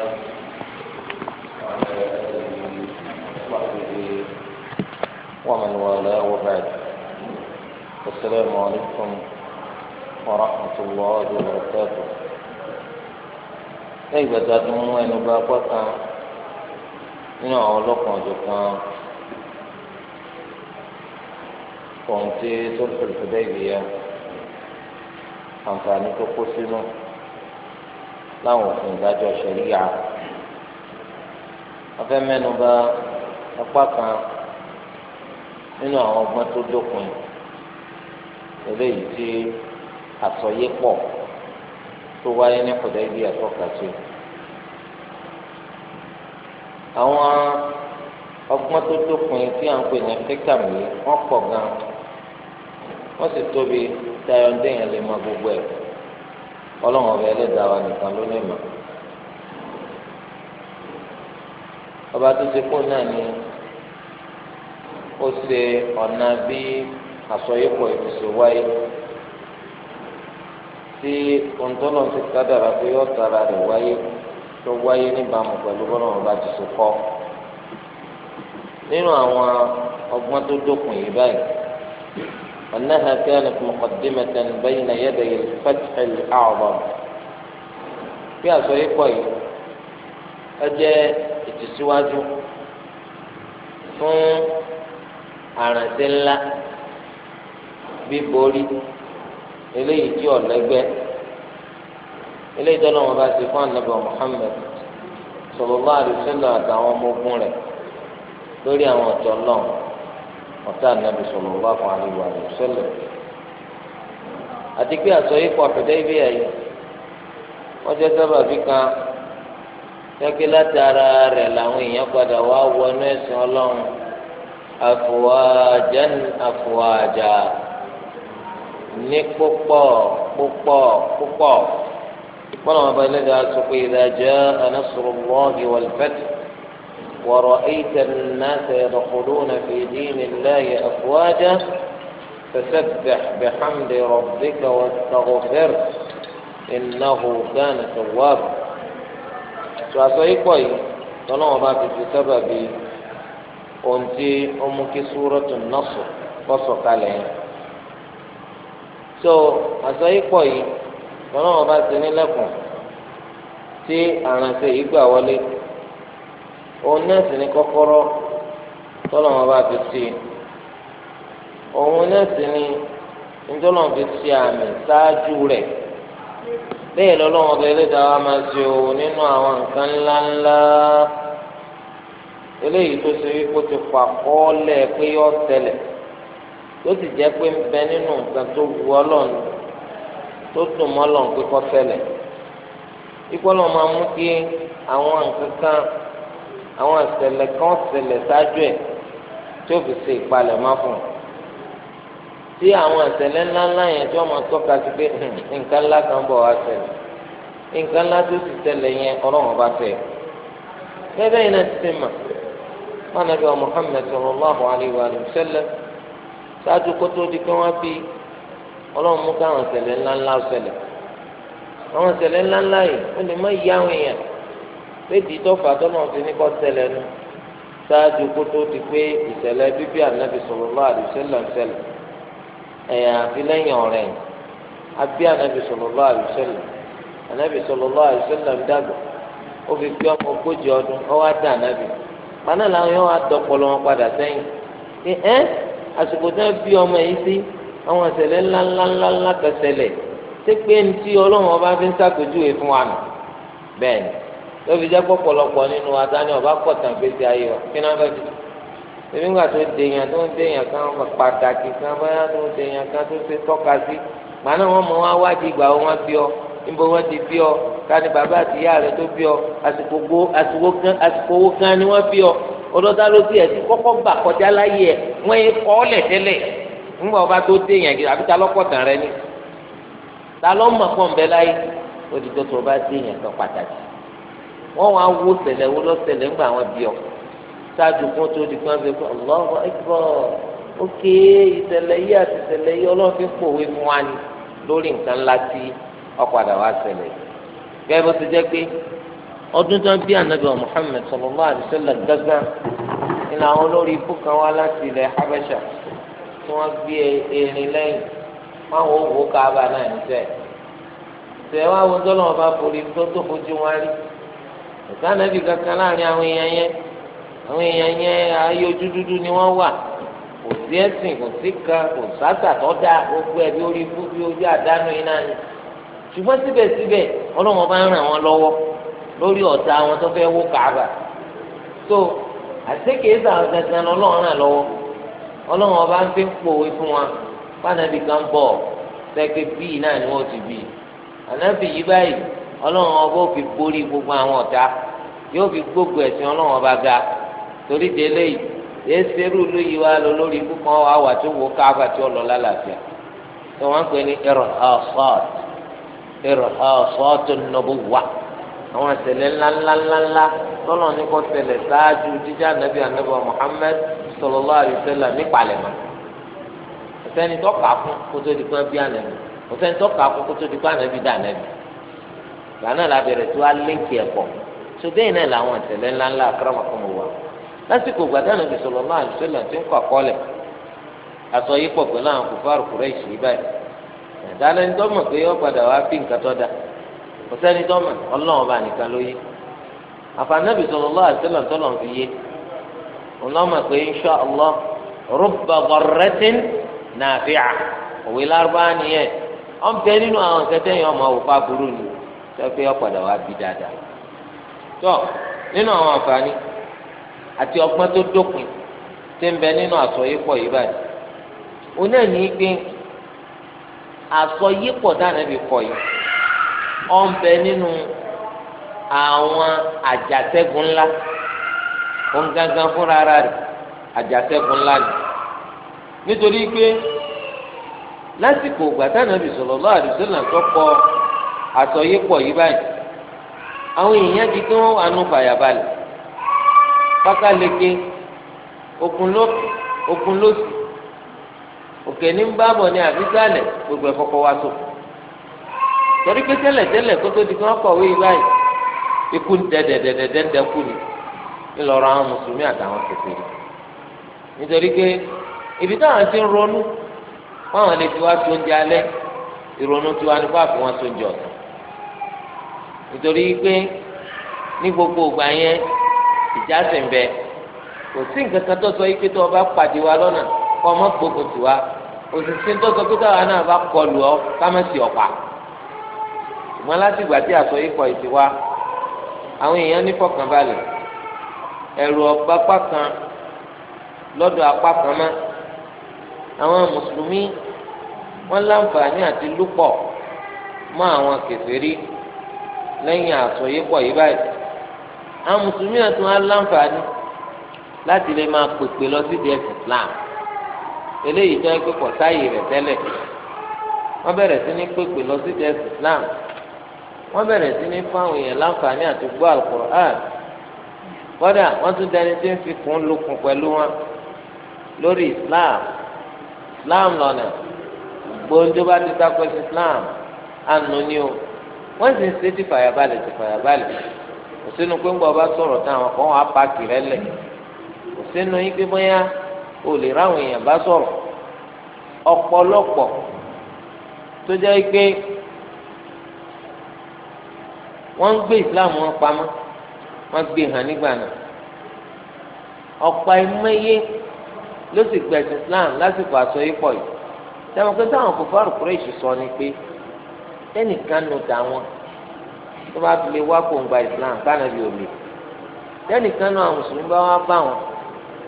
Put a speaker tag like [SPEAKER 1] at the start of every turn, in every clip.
[SPEAKER 1] وعلى
[SPEAKER 2] آله وصحبه ومن والاه وبعد السلام عليكم ورحمة الله وبركاته lẹ́yìn gbàtà tó mú ẹnu bá apá kan nínú àwọn ọlọ́kan ọ̀jọ̀kan kọ̀ǹté tó lè fẹ́ fẹ́ bẹ́ẹ̀ yìí ya àǹfààní tó kó sínú. láwọn òfin ìdájọ́ ṣẹ̀ríyà afẹ́ mẹ́nu bà apá kan nínú àwọn ọgbọ́n tó dópin eléyìí tí àsọyépọ̀ tó wáyé ní kọ̀dá ibi àtọ́ka sí àwọn ọgbọ́n tó dópin tí à ń pè ní kíkàmì wọ́n pọ̀ gan wọ́n sì tóbi tayọ̀ ń lè mọ gbogbo ẹ̀ ọlọ́run ọba ẹlẹ́dàá wa nìkan ló ní ìmọ̀ ọba tó ṣe kó náà ni ó ṣe ọ̀nà bí àsọyípọ̀ ìfisò wáyé tí ohun tó lọ́n ti kádàrà pé yóò tara rẹ̀ wáyé tó wáyé níbàámu pẹ̀lú bọ́lọ́run ọba ti ṣe kọ́ nínú àwọn ọgbọ́n tó dókun yìí báyìí. أنها كانت مقدمة بين يدي الفتح الأعظم في أسوأ أجا التسواج fún àrànṣe ńlá bíborí eléyìí tí ọ̀lẹ́gbẹ́ eléyìí tọ́lọ́ wọn bá ti fún ànábì Muhammad sallallahu alaihi wasallam àtàwọn ọmọ ogun rẹ̀ lórí àwọn ọ̀tọ̀ náà ọ̀tá ànábì sallallahu alaihi wa sallam àti pé àsọyípo Hudaybiyah yìí wọ́n jẹ́ sábàbí kan tẹ́kí látara rẹ̀ làwọn èèyàn padà wá wọnú ẹ̀sìn ọlọ́run àfùwàjà àfùwàjà ní púpọ̀ púpọ̀ púpọ̀ ìpọ́nlọ́mọba ilé ìdájọ́ pé idha jaa nasrullahi wal fath. ورأيت الناس يدخلون في دين الله أفواجا فسبح بحمد ربك واستغفر إنه كان توابا فأصيقوا طالما بقى في سبب أنت أمك سورة النصر فصق عليه so àsọyípọ̀ yìí tọ́lọ́mọba ti ní lẹ́kùn tí àrùn yìí gbà wọlé òun náà sì ní kọ́kọ́rọ́ tọ́lọ̀ bá fi sí òun náà sì ní ntọ́lọ̀ fi sí àmì ṣáájú rẹ̀ bẹ́ẹ̀ wa máa ṣe o nínú àwọn nǹkan ńláńlá eléyìí tó ṣe wípé ti kọ àkọọ́lẹ̀ pé yọ ṣẹlẹ̀ tó sì jẹ́ pé ń bẹ nínú nǹkan tó wu ọlọ́run tó dùn mọ́ pé àwọn ìṣẹ̀lẹ̀ kan ṣẹlẹ̀ ṣáájú ẹ̀ tí ó fi ṣe ìpalẹ̀mọ́ fún un tí àwọn ìṣẹ̀lẹ̀ ńláńlá yẹn tí wọ́n máa tọ́ka sí pé hmm, nǹkan ńlá kan bọ̀ wá ṣẹlẹ̀ nǹkan ńlá tó ti ṣẹlẹ̀ yẹn ọlọ́run bá tẹ̀ bẹ́ẹ̀ iná ti ti mà wọn nàbí wa Muhammad sallallahu alayhi wa sallam ṣáájú kó di pé wọ́n bí ọlọ́run mú káwọn ìṣẹ̀lẹ̀ ńláńlá ṣẹlẹ̀ àwọn ìṣẹ̀lẹ̀ ńláńlá yìí ó lè má yá àwọn èèyàn péjì tọ́fà tọ́nà ti ní kọ́ tẹ̀lẹ̀ nu ṣáájú kó tó ti pé ìṣẹ̀lẹ̀ bíbí ànábì sallallahu alaihi wasallam ṣẹlẹ̀ ẹ̀yà àfi lẹ́yìn ọ̀rẹ́ yìí abí ànábì sallallahu alaihi wasallam ànábì sallallahu alaihi wasallam dàgbà ó fi pé ọmọ ogójì ọdún ọwọ́ adé ànábì paná làwọn yóò wá dọ̀pọ̀lọ́ wọn padà sẹ́yìn ní lóbi jẹ́ pọ̀pọ̀lọpọ̀ nínú adání ọba kọ̀tàn gbèsè ayé wa kí náà bẹ́ẹ̀ dùn. èmi ń gbà tó dèèyàn tó ń dèèyàn kan pàtàkì kan báyà tó ń dèèyàn kan tó ṣe tọ́ka sí gbaná wọn mọ wọn wádìí ìgbà wọn bí ọ níbo wọn ti bí ọ káni bàbá àti ìyá rẹ tó bí ọ àsìkò owó kan ni wọn bí ọ ọdọdá ló ti ẹsìn kọkọ gbà kọjá láyé ẹ wọn yẹ kọ ọ lẹ tẹ́lẹ̀ ńgbà ọba tó dèèyàn gidi àbí ta lọkọtàn rẹ ni ta lọ mọ pọ̀ ń bẹ láyé ó ti tó tó ọba dèèyàn kan pàtàkì wọn wá wo ṣẹlẹ̀ wo lọ ṣẹlẹ̀ ńgbà àwọn bí ọ ṣáàjú kó tó di kan ṣe fún Allahu Akbar ókè ìṣẹ̀lẹ̀ yìí àti ìṣẹ̀lẹ̀ yìí Ọlọ́run fi ń pòwe fún wa ni lórí nǹkan ńlá tí ọpadà wá ṣẹlẹ̀ gẹ́gẹ́ bó ti jẹ́ pé ọdún tó ń bí anabi Muhammad sallallahu alaihi wasallam gbẹgbẹ nínú àwọn olórí ibú kan wá láti ilẹ̀ Habasha tí wọ́n gbé erin lẹ́yìn máwọn òwò káàbà náà ń tẹ̀ tẹ̀ wá wo tọ́lọ́mọba forí tó tó fojú wọn rí. ẹ̀ka nàbì kankan láàrin àwọn èèyàn yẹn àwọn èèyàn yẹn dúdú ni wọ́n wà kò sí ẹ̀sìn kò sí kan kò sáàtà tó dáa gbogbo ẹ̀ bí orí ikú bí ojú àdánù yìí ni ṣùgbọ́n síbẹ̀síbẹ̀ ọlọ́wọ́n bá ń ràn wọ́n lọ́wọ́ lórí ọ̀tá wọn tó fẹ́ wó so àtẹ́kẹ̀ẹ́ gangan ọlọ́run ràn lọ́wọ́ ọlọ́wọ́n bá ń fi ń pòwe fún wa fún ànábì kan bọ̀ sẹ́kẹ̀ bíi ti bíi ọlọ́run ọba ó fi borí gbogbo àwọn ọ̀tá yóò fi gbogbo ẹ̀sìn ọlọ́run ọba ga torí délé yìí eseru ló yí wa lọ lórí ikú kan wà wà tó wò ká wà tó lọ lálàáfíà tó wọn pè ní irhasat irhasatun nubuwwa àwọn ìṣẹ̀lẹ̀ ńláńláńláńlá tọnà ní kò ṣẹlẹ̀ ṣáájú jíjá nàbí ànábì Muhammad sallallahu alaihi wasallam nípalẹ̀mọ́ ọsẹni tó fún kótó di bí ànábì ọsẹni tó fún kótó di ànábì dà ànábì gbaná la bẹ̀rẹ̀ tó aléǹkì ẹ̀kọ́ tó bẹ́ẹ̀ náà làwọn ìṣẹ̀lẹ̀ ńláńlá akọ́rọ́mọkọ́mọ wa lásìkò gbàdánù bí sọlọ́lá àlùsọ́lá ti ń kọ́ àkọọ́lẹ̀ aṣọ yìí pọ̀ pẹ̀lú àwọn kòfàrù kúrẹ́ ìṣèlú báyìí ìdáná ní tọ́mọ̀ pé ó padà wá bí nǹkan tó da kò sẹ́ni tọ́mọ̀ ọlọ́run ọba nìkan ló yé àfànàbì sọlọ́lá àlùsọ́lá tọ́lọ̀ fi yé ọlọ́mọ̀ pé insha Allah rubba darratin nafi'a òwe lárúbáwá nìyẹn ọ̀n bẹ nínú àwọn kẹtẹ́yìn ọmọ òkú sẹ́fẹ́ ọ̀padà wá bi dáadáa. tó nínú àwọn àǹfààní àti ọgbọ́n tó dópin tí ń bẹ nínú àsọyípọ̀ yìí báyìí o náà ní pé àsọyípọ̀ dáná bí kọ yìí ọ̀ ń bẹ nínú àwọn àjàṣẹ́gun ńlá òun gangan fúnra ara rẹ̀ àjàṣẹ́gun ńlá ni nítorí pé lásìkò ògbà táwọn ẹbí sọ̀rọ̀ lọ́wọ́ àsọyépọ̀ yìí báyìí àwọn èèyàn di kí wọ́n wà nù fàyàbalẹ̀ pákáleke òkun ló òkun ló sì òkè ní ń bábọ̀ ní àbísàlẹ̀ gbogbo ẹ̀ kọ́kọ́ wá sókè torí pé tẹ́lẹ̀tẹ́lẹ̀ kó tó di kí wọ́n kọ̀wé yìí báyìí ikú ń tẹ dẹ̀dẹ̀dẹ̀dẹ̀ kú ni ńlọrọ àwọn mùsùlùmí àtàwọn kékeré nítorí pé ibi táwọn ti ń ronú fáwọn lè fi wá tó ń di alẹ́ ìrònú tiwa nípa fún wọn tó ń jẹ ọ̀sán nítorí pé ní gbogbo ìgbà yẹn ìjà sì ń bẹ kò sí nǹkan kan tó sọ yìí pé tó o bá pàdé wa lọ́nà kó o má gbógun tì wá òṣìṣẹ́ tó sọ pé táwa náà bá kọlù ọ ká má sì ọ̀pá ìmọ̀ láti ìgbà tí àsọ yìí kọ ìtì wá àwọn èèyàn ní fọkànbalẹ̀ ẹ̀rù ọba apá lọ́dọ̀ apá kan mọ́ àwọn mùsùlùmí wọ́n láǹfààní àti lúpọ̀ mọ́ àwọn kèfèrí. lẹ́yìn àtúnyípọ̀ yìí báyìí àwọn mùsùlùmí náà tún á láǹfààní láti lè máa pèpè lọ sí di Islam eléyìí jẹ́ pé sáàyè rẹ̀ tẹ́lẹ̀ wọ́n bẹ̀rẹ̀ sí ní pèpè lọ sí di Islam wọ́n bẹ̀rẹ̀ sí ní fáwọn èèyàn láǹfààní àti gbọ́ Al-Qur'an kódà wọ́n tún dẹni tí ń fi kún lukùn pẹ̀lú wọn lórí Islam Islam lọ́nà bá ti wọ́n sì ń ṣe ti fàyàbalẹ̀ ti fàyàbalẹ̀ kò sínú pé ńgbà ọba sọ̀rọ̀ tán àwọn kan wà pààkì rẹ lẹ̀ kò sínú yín pé bóyá o lè ráwọn èèyàn bá sọ̀rọ̀ ọ̀pọ̀lọpọ̀ tó jẹ́ pé wọ́n ń gbé islam wọn pamọ́ wọ́n gbé hàn nígbà náà ọ̀pọ̀ ẹ̀mẹ́yẹ ló sì gbẹ̀sìn islam lásìkò àsọyípọ̀ yìí sẹ́wọ̀n pé táwọn kò fárùkúrẹ́ ìṣùsọ ni pé tẹ́nìkan nù tàwọn tó bá fi lè wá kóńgbà islam kánàbí ò lè tẹ́nìkan náà mùsùlùmí bá wá bá wọn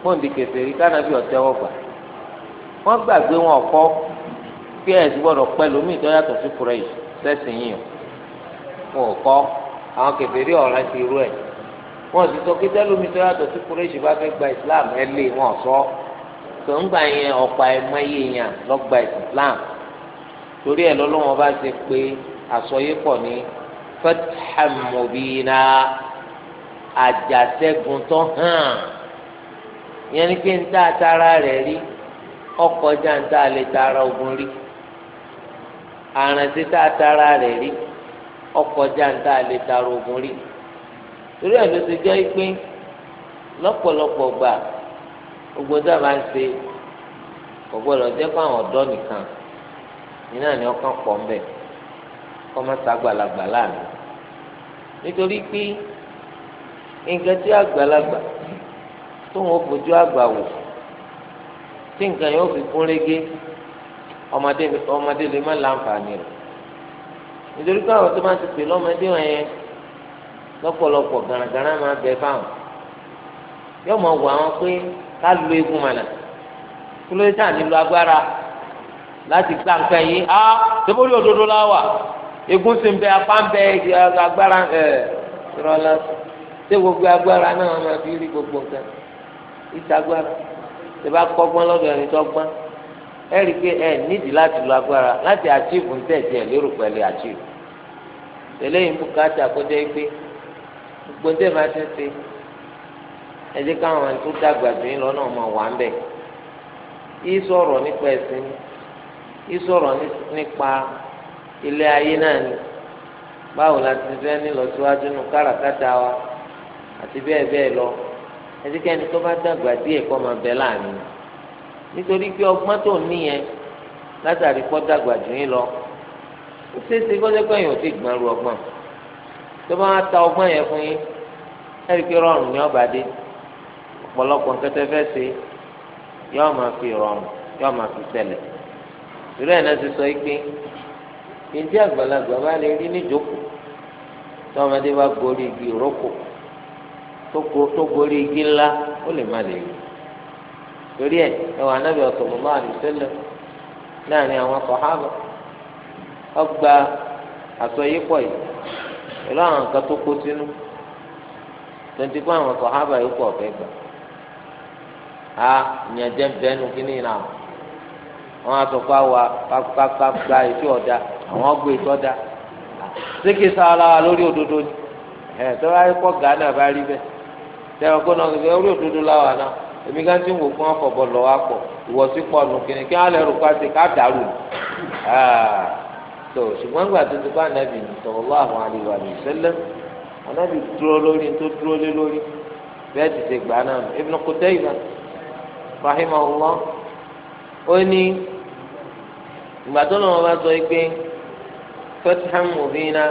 [SPEAKER 2] pọ́ǹdì kèfèrí kánàbí ọ̀tẹ́ wọn gbà wọ́n gbàgbé wọn ọ̀kọ́ pé ẹ̀sìn gbọ́dọ̀ pẹ́ lómi ìtọ́ yàtọ̀ sí kùrẹ́yì sẹ́sìn yìí wọn ò kọ́ àwọn kèfèrí ọ̀rẹ́ ti rú ẹ̀ wọn sì sọ pé tẹ́lómi ìtọ́ yàtọ̀ sí kùrẹ́yì bá fẹ́ gba islam ẹ lé wọn sọ tòun gbà yẹn ọ̀pá ẹ̀ mọ́ torí ẹ̀ lọ́lọ́wọ́n bá ṣe pé àsọyé pọ̀ ní fathan mubina àjàṣẹ́gun tó hàn ìyẹn ni pé ń tá àtàrà rẹ̀ rí ọkọ̀ jáǹtà lè tara ogun rí àrántí tá àtàrà rẹ̀ rí ọkọ̀ jáǹtà lè tara ogun rí torí ẹ̀ ló ti jẹ́ pé lọ́pọ̀lọpọ̀ gbà gbogbo dábàá ń ṣe kò gbọ́dọ̀ jẹ́ fún àwọn ọ̀dọ́ nìkan iná ni ọkàn pọ̀ ń bẹ̀ kọ́ má sa àgbàlagbà láàánú nítorí pé nǹkan tí àgbàlagbà tóun ó fojú àgbà wò tí nǹkan yóò fi kún régé ọmọdé ọmọdé lè má láǹfààní rẹ̀ nítorí pé àwọn tó bá ti pè lọ́mọdé wọn yẹn lọ́pọ̀lọpọ̀ gàràgàrà máa bẹ fáwọn yóò mọ̀ wọ àwọn pé ká lu egun mànà kí ló dé tà nílò agbára láti gbà nǹkan yìí á ah, sẹ́fọ́lì òdodo la wà egun sì ń bẹ apá ń bẹ agbára ẹ̀ ìrọ̀lá ṣé gbogbo agbára náà máa fi rí gbogbo nǹkan ìtagbára ṣe bá kọ́gbọ́n lọ́dọ̀ ẹni tó gbọ́n ẹ rí i pé ẹ nídìí láti lo agbára láti àchíìfù ní tẹ̀sí ẹ̀ lérò pẹ̀lú àchíìfù eléyìí ń bú káàtì àkójọ yìí pé gbogbo ń tẹ̀ máa ti ń ṣe ẹ jẹ́ káwọn tó dàgbà jù yín lọ́nà ọmọ wà ń bẹ̀ yìí sọ̀rọ̀ nípa ẹ̀sìn ni. ìsọ̀rọ̀ nípa ilé ayé náà ni báwo la ti fẹ́ nílọsíwájú nù wa àti bẹ́ẹ̀ bẹ́ẹ̀ lọ ẹnikẹ́ni tó bá dàgbà díẹ̀ kọ́ máa bẹ láàánú nítorí pé ọgbọ́n tó níyẹn látàrí kọ́ dàgbà jù yín lọ ó ṣeéṣe kó jẹ́ pé èèyàn ò gbọ́n ru ọgbọ́n tó bá ta ọgbọ́n yẹn fún yín ẹ̀rí pé rọrùn ní ọba dé ọ̀pọ̀lọpọ̀ nǹkan tẹ́ fi rọrùn máa fi irú ẹ̀ náà ti sọ pé ìdí àgbàlagbà bá lè rí níjókòó tí ọmọdé bá gorí igi ìrókò tó gorí igi ńlá ó lè má lè rí torí ẹ ẹwà anábì sallallahu alaihi wasallam láàrin àwọn sàhábà ọgbà àsọyípọ̀ yìí pẹ̀lú àwọn nǹkan tó kó sínú tonti kó àwọn sàhábà yìí pọ̀ ọ̀fẹ́ gbà á ìyànjẹ́ bẹ́ẹ̀ nu kí ni ìlànà. wọn á sọ pé àwa kápákápá ètò ọ̀dà àwọn ọgbẹ́ ètò ọ̀dà sékè sára wa lórí òdodo ni ẹ tọ́lá kọ́ Ghana bá rí bẹ́ẹ̀ tẹ́wọ́ kó náà sọ orí òdodo láwa náà èmi gán tí ń wò fún ọ̀fọ̀bọ̀ lọ wá pọ̀ ìwọ sí pọ̀ nù kìnnì kí alẹ́ rò pàṣẹ ká dàrú tó ah, ṣùgbọ́n gbà tó ti bá ànábì sallallahu alaihi wa sallam ànábì dúró lórí tó dúró lé lórí bẹ́ẹ̀ ti ṣe gbà náà Ibn Qutaybah rahimahullah ó ní ìgbà tó lọ́wọ́ bá sọ pé fathan mubina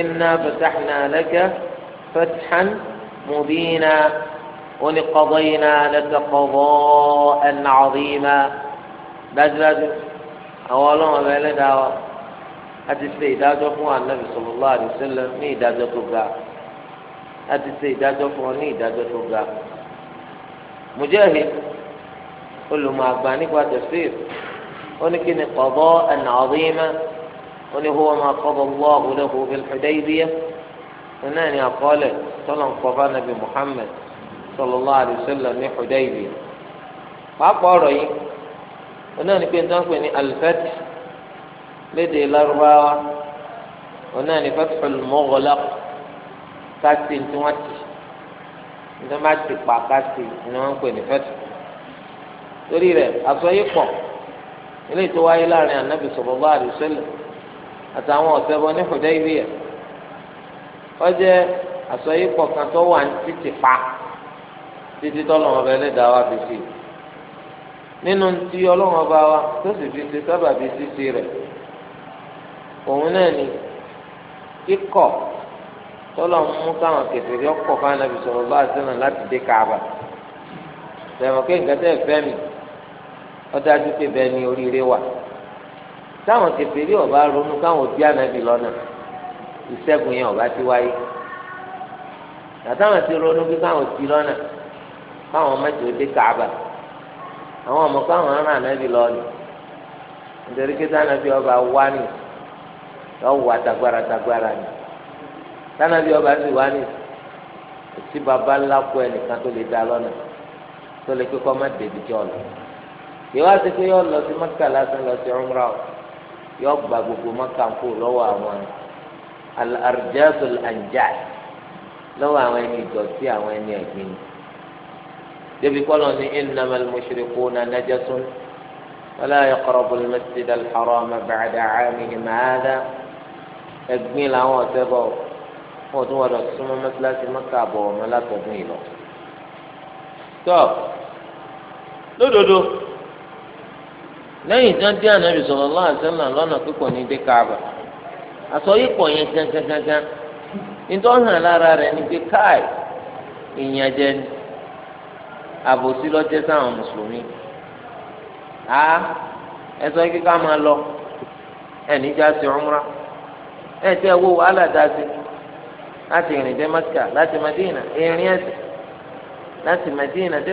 [SPEAKER 2] inna fatahna laka fathan mubina wani qadayna laka qada'an 'azima dájúdájú àwọn ọlọ́wọ́ bá ẹlẹ́dàá wa a ti ṣe ìdájọ́ fún anabi sallallahu alaihi wasallam ní ìdájọ́ tó ṣe ìdájọ́ fún ọ ní ìdájọ́ tó ga mujahid olùmọ̀ àgbà nípa tafsir. ولكن قضاء عظيما وني هو ما قضى الله له في الحديبية فنان يا قال صلى الله نبي محمد صلى الله عليه وسلم في حديبية فأقرأي فنان كنت أقرأي الفتح لدي الأربعة فنان فتح المغلق كاتي انتمت انتمت بقى كاتي انتمت فتح تريد أصيقه eléyìí tó wáyé láàrin anabi sallallahu alaihi wasallam àtàwọn ọ̀sẹ̀bọ ní Hudaybiya ọjẹ́ àsọyípọ̀ kan tó wà ní títì pa títí tọ́lọ̀ ọba ẹlẹ́dàá wa fi sí i nínú ti ọlọ́run ọba wa tó sì fi ṣe sábàbí ṣíṣe rẹ̀ òun náà ni kíkọ̀ tọ́lọ̀ káwọn kẹfìrí ọkọ̀ fún anabi sallallahu alaihi láti dé Kaaba tẹ̀wọ̀n kí nǹkan tẹ̀ ọdájú pé bẹ́ẹ̀ ni oríire wà táwọn kẹfìrí ọba ronú káwọn na ànábì lọ́nà ìṣẹ́gun yẹn ọba ti wáyé tàtàwọn ti ronú káwọn ti lọ́nà káwọn mẹ́jọ dé Káàbà àwọn ọmọ káwọn aràn ànábì lọ́nà nítorí pé tànábì ọba wá ní lọ́wọ́ àtàgbára tàgbára ni ọba sì wá ní òsì baba ẹnìkan tó lè dá lọ́nà tó lè kọ́ lọ́nà. yíwá ti pé yọ lọ sí mọ́kà lásán lọ sí ọmọra o yọ gba gbogbo mọ́kà ń kó lọ́wọ́ àwọn al-arjasul anjaa lọ́wọ́ àwọn ẹni ìdọ̀tí àwọn ẹni ẹ̀gbin débi kọ́lọ́ ní innamal mushrikuna najasun wala yaqrabul masjidal harama ba'da 'aamihim hadha ẹ̀gbin làwọn ọ̀sẹ̀ bọ̀ wọn ò tún wọ́n lọ súnmọ́ mọ́sálásí mọ́kà àbọ̀wọ̀mọ́ látọ̀dún ìlọ. tọ́ lódodo. So, lẹ́yìn tí wọ́n dé ànábì sọ̀rọ̀ lọ́wọ́ àṣẹ́nà lọ́nà pípọ̀ ní káàbà àsọyípọ̀ yẹn gángangangan nítorí rẹ̀ ní káì ìyẹn ni àbòsí lọ́jẹ́ sáwọn mùsùlùmí a ẹ sọ yìí ká máa lọ ẹ níjà sí ọmúra ẹ tẹ wo wàhálà láti ìrìn dé Mẹ́kà láti Mẹ́dínà ìrìn ẹ̀sìn láti Mẹ́dínà dé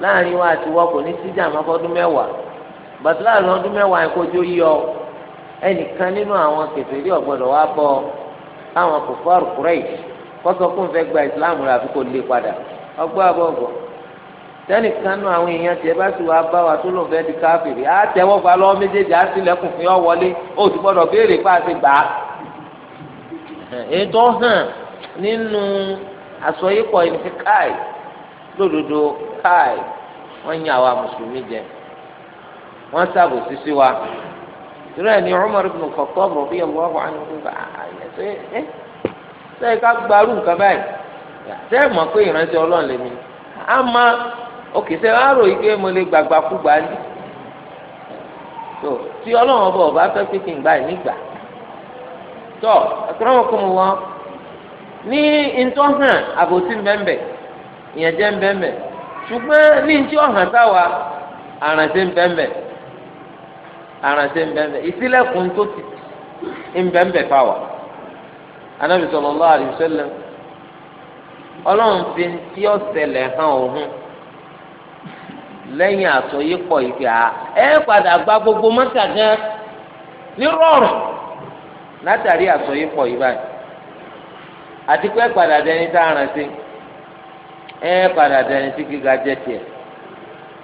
[SPEAKER 2] láàrin wa àti wọ́n kò ní síjà máa fọ́dún mẹ́wàá bàtú láàrin ọdún mẹ́wàá ìkojú yọ ẹnìkan nínú àwọn kèfèrí ọ̀gbọ́dọ̀ wá bọ àwọn kòfọ́ọ̀rù kúrẹ́ẹ̀sì kọ́sọ́ kó n fẹ́ gba ìsìláàmù rẹ̀ àfi kò lè padà ọgbọ́ àbọ̀gbọ̀ tẹnìkan nínú àwọn èèyàn tiẹ̀ bá sì wá bá wa tó lòun fẹ́ di káfìrí á tẹ́wọ́ gba lọ́wọ́ méjèèjì á sílẹ̀kùn fún yọ wọlé ó ti gbọ́dọ̀ béèrè pa àti gbà á. ètò hàn nínú àsọyípọ̀ ìfikàì lódodo káì wọ́n yin àwa mùsùlùmí jẹ wọ́n sábò sísí wa ìrẹ́ ni Umar ibn Khattab radiyallahu anhu bá àyẹ̀ ṣe é ṣe é ká gbarú nǹkan báyìí
[SPEAKER 1] ṣe é mọ̀ pé ìrántí
[SPEAKER 2] ọlọ́run lèmi á má òkè ṣe wá rò yí pé mo lè gbàgbà kú gbà ní. tó tí ọlọ́run ọba ọba fẹ́ pé kí n gbà nígbà tó ẹ̀kọ́ náà kọ́ mo wọ́n ní ntọ́ hàn àbòsí mbẹ́mbẹ́ ìyẹn jẹ́ ń bẹ́ẹ̀ mẹ́ ṣùgbọ́n ní ti ọ̀hàn sáwa àrànṣe ń bẹ́ẹ̀ mẹ́ àrànṣe ń bẹ́ẹ̀ mẹ́ ìsílẹ̀kùn tó ti ń bẹ́ẹ̀ mẹ́ fáwa lẹ́yìn ìgbà ẹ padà gba gbogbo mọ́tà gan nírọ̀rùn látàrí àti pé padà dẹni tá a ẹ padà dẹni tí gíga jẹ tiẹ̀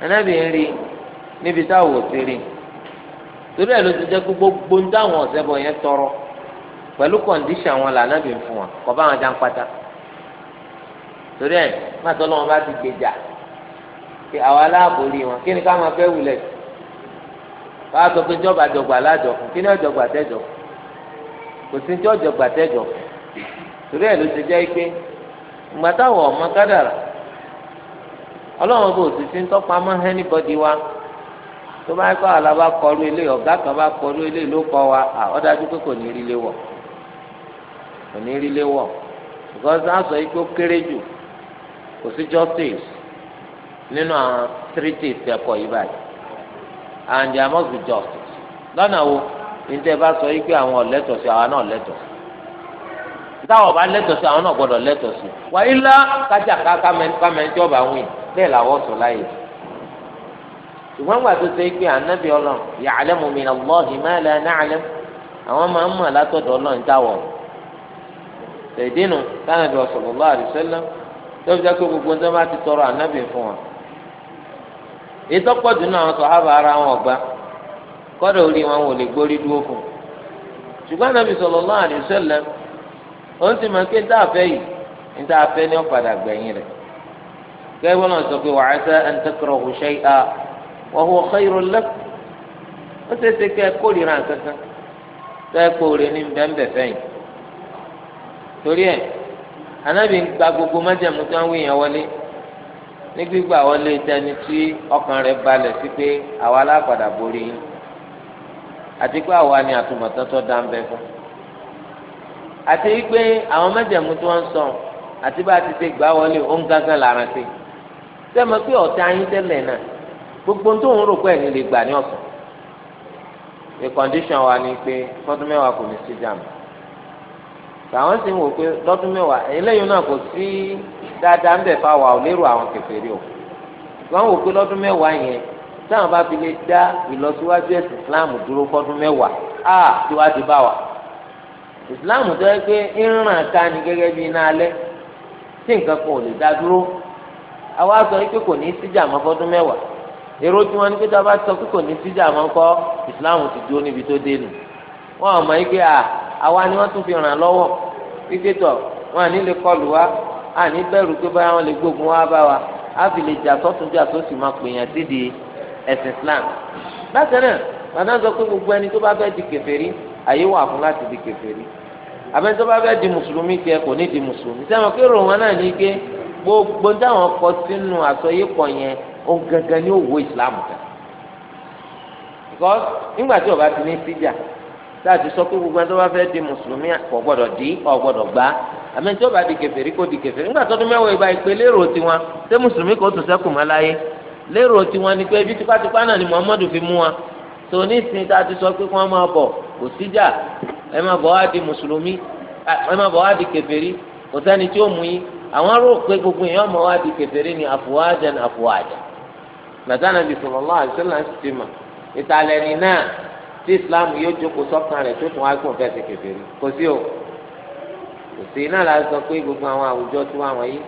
[SPEAKER 2] ẹnẹbi ń rí níbi táwọn ò ti rí torí ẹ ló ti jẹ gbogbo ń dáwọn ọ̀sẹ̀bọ yẹn tọrọ pẹ̀lú kọ̀ǹdíṣàn wọn là ẹnẹbi ń fún wọn kọ́ bá wọn já ń pátá torí ẹ má tọ́ lọ́wọ́n bá ti gbèjà kí àwọn aláàbò rí wọn kí ni ká máa fẹ́ wulẹ̀ wọ́n á sọ pé jọba àjọgbà alájọ fún kí ni ọ̀jọ̀gbà tẹ́jọ kò sí ní ọ̀jọ̀gbà tẹ́jọ torí ẹ ló ti jẹ́ pé ìgbà táwọn ọmọ kádàrà ọlọ́run bò sì fi ń tọ́pamọ́ anybody wa tó bá kọ́ àlàbà kọlu ilé ọ̀gá kan bá kọlu ilé ló kọ́ wa ọ̀dájú pé kò ní rí lé wọ̀ kò ní rí lé wọ̀ because aṣọ igbó kéré jù kò sí justice nínú àwọn treaties ẹ̀kọ́ yìí báyìí and there must be justice lọ́nà wo níta ẹ bá sọ yìí pé àwọn ọ̀lẹ́tọ̀ sí àwa náà lẹ́tọ̀ sí táwọn ọba lẹ́tọ̀ sí àwọn náà gbọ́dọ̀ lẹ́tọ̀ sí wàá ilá kájà ká kámẹ́ńtì ọba wìn. bẹ́ẹ̀ làwọn sọ láyè ṣùgbọ́n gbà tó ṣe pé ànábì ọlọ́run ya'lamu min ma la àwọn máa ń mọ̀ látọ̀dọ̀ ọlọ́run táwọ̀ tẹ̀dínú tánàbí sallallahu tó gbogbo ń tẹ́ bá ti tọrọ ànábì fún wa àwọn sọ̀hábà ara gẹ́gẹ́ bọ́lá sọ pé wa'asa an takrahu shay'an wa huwa khayrun lakum ó ṣe é ṣe kẹ́ ẹ kórìíra kankan tó ẹ kóore ní bẹ́ẹ̀ fẹ́yìn torí ẹ̀ anábì ń gba gbogbo májàmú tó ń wí yẹn wọlé ní gbígbà wọlé tẹni tí ọkàn rẹ̀ balẹ̀ sí pé àwa lápadà borí yín àti pé àwa ni àtúmọ̀tán tó dá ń bẹ fún àti pé àwọn májàmú tó ń sọ àti bá a ti ṣe gbà wọlé ó ń gángan lára sí i. sẹ́mi pé ọ̀tá yín tẹ́lẹ̀ náà gbogbo tó ń rò lè gbà ní ọ̀sán the condition wa ni pé fọ́dún mẹ́wàá kò ní sí si tàwọn sì ń wò pé lọ́dún mẹ́wàá eléyìí náà kò sí dáadáa ń bẹ̀ àwọn o wọ́n wò pé lọ́dún mẹ́wàá yẹn táwọn bá fi lè Islam dúró fọ́dún mẹ́wàá Islam pé ń ràn ká ni gẹ́gẹ́ bí iná alẹ́ tí àwa sọ pé kò ní í síjà mọ́ fọ́dún mẹ́wàá èrò tí wọ́n ní pé tá a bá sọ pé kò ní í síjà mọ́ kọ́ ìsìláàmù ti dúró níbi tó dé nù wọ́n àmọ́ yìí pé àwa ni wọ́n tún fi ràn lọ́wọ́ wípé tọ̀ wọ́n àní lè kọlù wa àní bẹ̀rù pé báyà wọ́n lè gbógun wá bá wa á fi lè jà sọ́tún jà tó sì máa pè yàn sídi ẹ̀sìn Islam bákan náà bàtà sọ pé gbogbo ẹni tó bá fẹ́ di kèfèrí àyè wà fún láti di kèfèrí àbẹ́ni tó bá fẹ́ di mùsùlùmí tiẹ̀ kò ní di mùsùlùmí sẹ́wọ̀n kí ròhùn náà ní ké gbogbo táwọn kọ sínú àsọyípọ̀ yẹn ó gangan ní òwò ìsìlámù kan because nígbà tí o bá ti ní síjà sáàtì sọ pé gbogbo ẹni tó bá fẹ́ di mùsùlùmí kò gbọ́dọ̀ di kò gbọ́dọ̀ gbá àmì tí o bá di kèfèrí kò di kèfèrí nígbà tó dún mẹ́wàá ìgbà ìpè lérò tiwọn ṣé mùsùlùmí kò tún sẹ́kù mọ́ láyé lérò tiwọn ni pé ibi tipátipá náà ni Muhammadu fi mú wọn tó ní ìsìn sáàtì sọ pé kí wọ́n máa bọ̀ kò síjà ẹ má bọ̀ wá di mùsùlùmí ẹ má bọ̀ wá di kèfèrí kò sẹ́ni tí ó mú yín àwọn rò pé gbogbo èèyàn ọmọ wa di kèfèrí ni àfùwájà ni àfùwájà nàtà nàbì sallallahu alaihi wasallam ti mà ìtàlẹ́ni náà tí islam yóò jókòó sọ́kàn rẹ̀ tó tún wá gbọ̀n fẹ́ẹ́ ti kèfèrí kò sí o
[SPEAKER 1] kò sí náà la sọ pé gbogbo àwọn àwùjọ
[SPEAKER 2] tí wọn yìí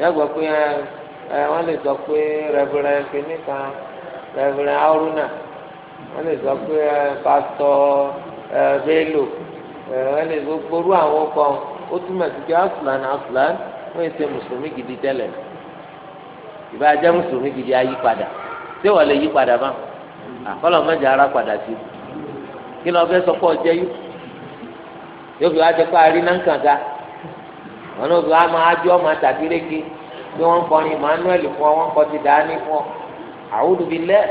[SPEAKER 2] yàgbọ́ pé ẹ wọ́n lè sọ pé rẹ́fúrẹ́ kìnnìkan rẹ́fúrẹ́ aruna wọ́n lè sọ pé ẹ pásítọ̀ ẹ bélò ẹ wọ́n lè sọ gbórú àwọn kan ó túmọ̀ sí pé aslan aslan wọ́n yẹ ṣe mùsùlùmí gidi tẹ́lẹ̀ ìbá jẹ́ mùsùlùmí gidi ayípadà ṣé wọ́n lè yípadà bá àkọlọ́ mẹ́jọ ara padà sí kí ni wọ́n fẹ́ sọ́kọ́ jẹ́ yó yóò fi wá jẹ́ pé arí náà kàn ga wọn náà fi wá máa jọ́ máa tàbíréke pé wọ́n kọrin Emmanuel fún ọ wọ́n kọ ti dání fún ọ àwùjọ bíi lẹ́ẹ̀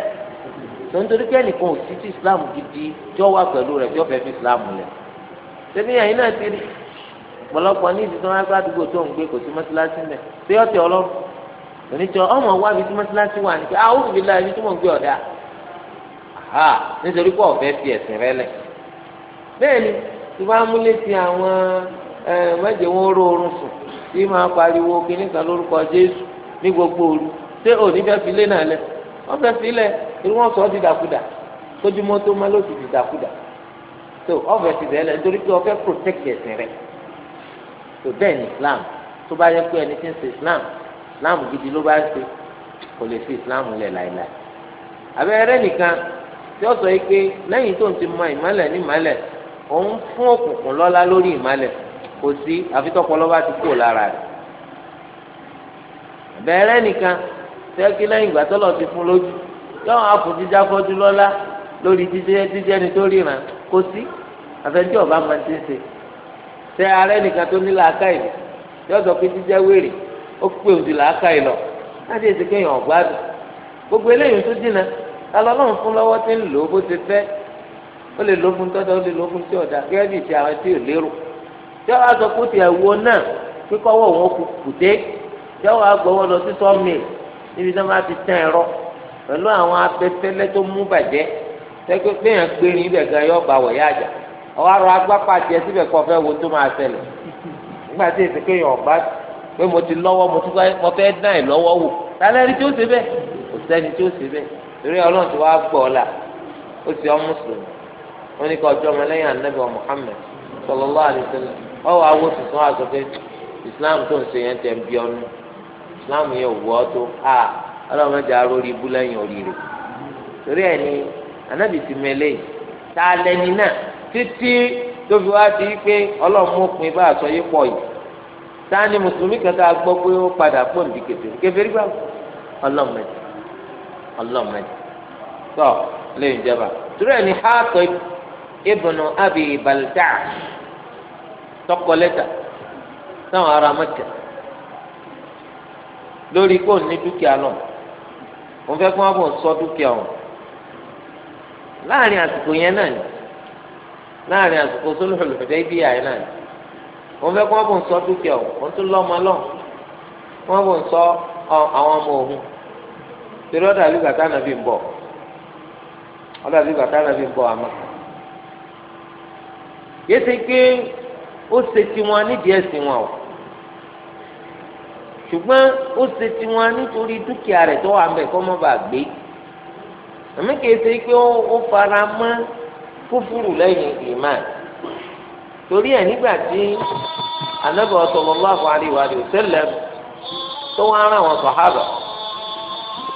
[SPEAKER 2] tó ń torí pé ẹnìkan ò sí ti Islam gidi jọ́ wà pẹ̀lú rẹ̀ tí ó fẹ́ fi Islam lẹ̀ ṣé ní ẹ̀yin náà ti rí i. ọ̀pọ̀lọpọ̀ ní ìdí tó wá gbá àdúgbò tó ń gbé kò sí mọ́sálásí mẹ́ ṣé ọ̀tẹ̀ ọlọ́run oníṣẹ́ ọmọ wa ibi tí wà ní pé àwọn òbí la ibi tí mò ń gbé ọ̀dà ha nítorí pé fi rẹ ni tí ti àwọn wọn sùn tí máa pariwo kan lórúkọ Jésù ní lé náà ti tó bẹ́ẹ̀ ní islam tó bá yẹ pé ẹni tí ń ṣe islam islam gidi ló bá ṣe kò lè fi islam lẹ̀ láìláì abẹ́rẹ́ nìkan tí ó sọ yìí pé lẹ́yìn tó ń ti mọ ìmọ̀lẹ̀ ní ìmọ̀lẹ̀ òun fún òkùnkùn lọ́lá lórí ìmọ̀lẹ̀ kò sí àfitọ́pọ̀lọ́ bá ti kú lára rẹ̀ abẹ́rẹ́ nìkan tí ó kí lẹ́yìn ìgbà tọ́lọ̀ ti fún lójú yọ àpò jíjá fọ́jú lọ́lá lórí jíjẹ́ jíjẹ́ nítorí ràn kò sí àfẹ́jọ́ ọba tẹ alẹ́ nìkan tó ní làákàyè yóò sọ pé jíjẹ́ wèrè ó pè òdì làákàyè lọ láti ètò kéèyàn ọ̀gbádùn gbogbo eléyìí tó dínà alọ́lọ́run fún lọ́wọ́ tí ń lò ó bó ti ó lè fún tọ́tọ́ ó lè fún tí ti àwọn tí ò lérò tí sọ pé ti náà wọn kù tí lọ sí níbi tí bá ti ọwọ́ àrò agbápá tiẹ̀ síbẹ̀ kọ́ fẹ́ wo tó máa ṣẹlẹ̀ nígbà tí èsì kéèyàn ọ̀gbá pé mo ti lọ́wọ́ mo ti mo fẹ́ dán ẹ̀ lọ́wọ́ wò lálẹ́ rí tí ó ṣe bẹ́ẹ̀ kò sẹ́ni tí ó ṣe bẹ́ẹ̀ torí ọlọ́run ti wá gbọ́ ọ la ó sì ọ́ mùsùlùmí ó ní kí ọjọ́ ọmọlẹ́yìn anábì wa Muhammad sallallahu alaihi wasallam ọwọ́ awo tuntun wa sọ pé Islam tó ń ṣe yẹn tẹ̀ ń bí ọ́nú Islam yẹn ò wọ́ tó a ọlọ́run mẹ́ta arórí ibú lẹ́yìn òrìrì torí ẹ̀ ní anábì ti mẹ́lẹ̀ tá a náà títí tó fi wá di pé ọlọ́mọkùnrin bá aṣọ yìí pọ̀ yìí sáni mùsùlùmí kan tá a gbọ́ pé ó padà pọ̀ ní kété kébérí gbà ọlọ́mọdé ọlọ́mọdé tọ́ lẹ́yìn ìjọba turẹ̀ ní hàtọ́ ibùnú abi balta tọkọ lẹ́tà sáwọn ará mẹ́kà lórí kó ní dúkìá náà òun fẹ́ kí wọ́n bọ̀ sọ dúkìá wọn láàrin àsìkò yẹn náà ni. láàrin àsìkò sólùfẹ̀ lùfẹ̀dẹ́ ibi àyè náà ni wọ́n fẹ́ kó wọ́n bò ń sọ dúkìá o wọ́n tún lọ́ ọmọ lọ́n kó wọ́n bò ń sọ àwọn ọmọ òun torí ọ̀dà ń bọ̀ ọ̀dà ń bọ̀ àmọ́ o ṣùgbọ́n ó ṣe tiwọn nítorí dúkìá rẹ̀ tó wà mọ́ àmì kúfúrù lẹ́yìn ìmán torí ẹ̀ nígbà tí anábọ̀ sallallahu alaihi wa sallam tó wá ń rán sọ̀hábà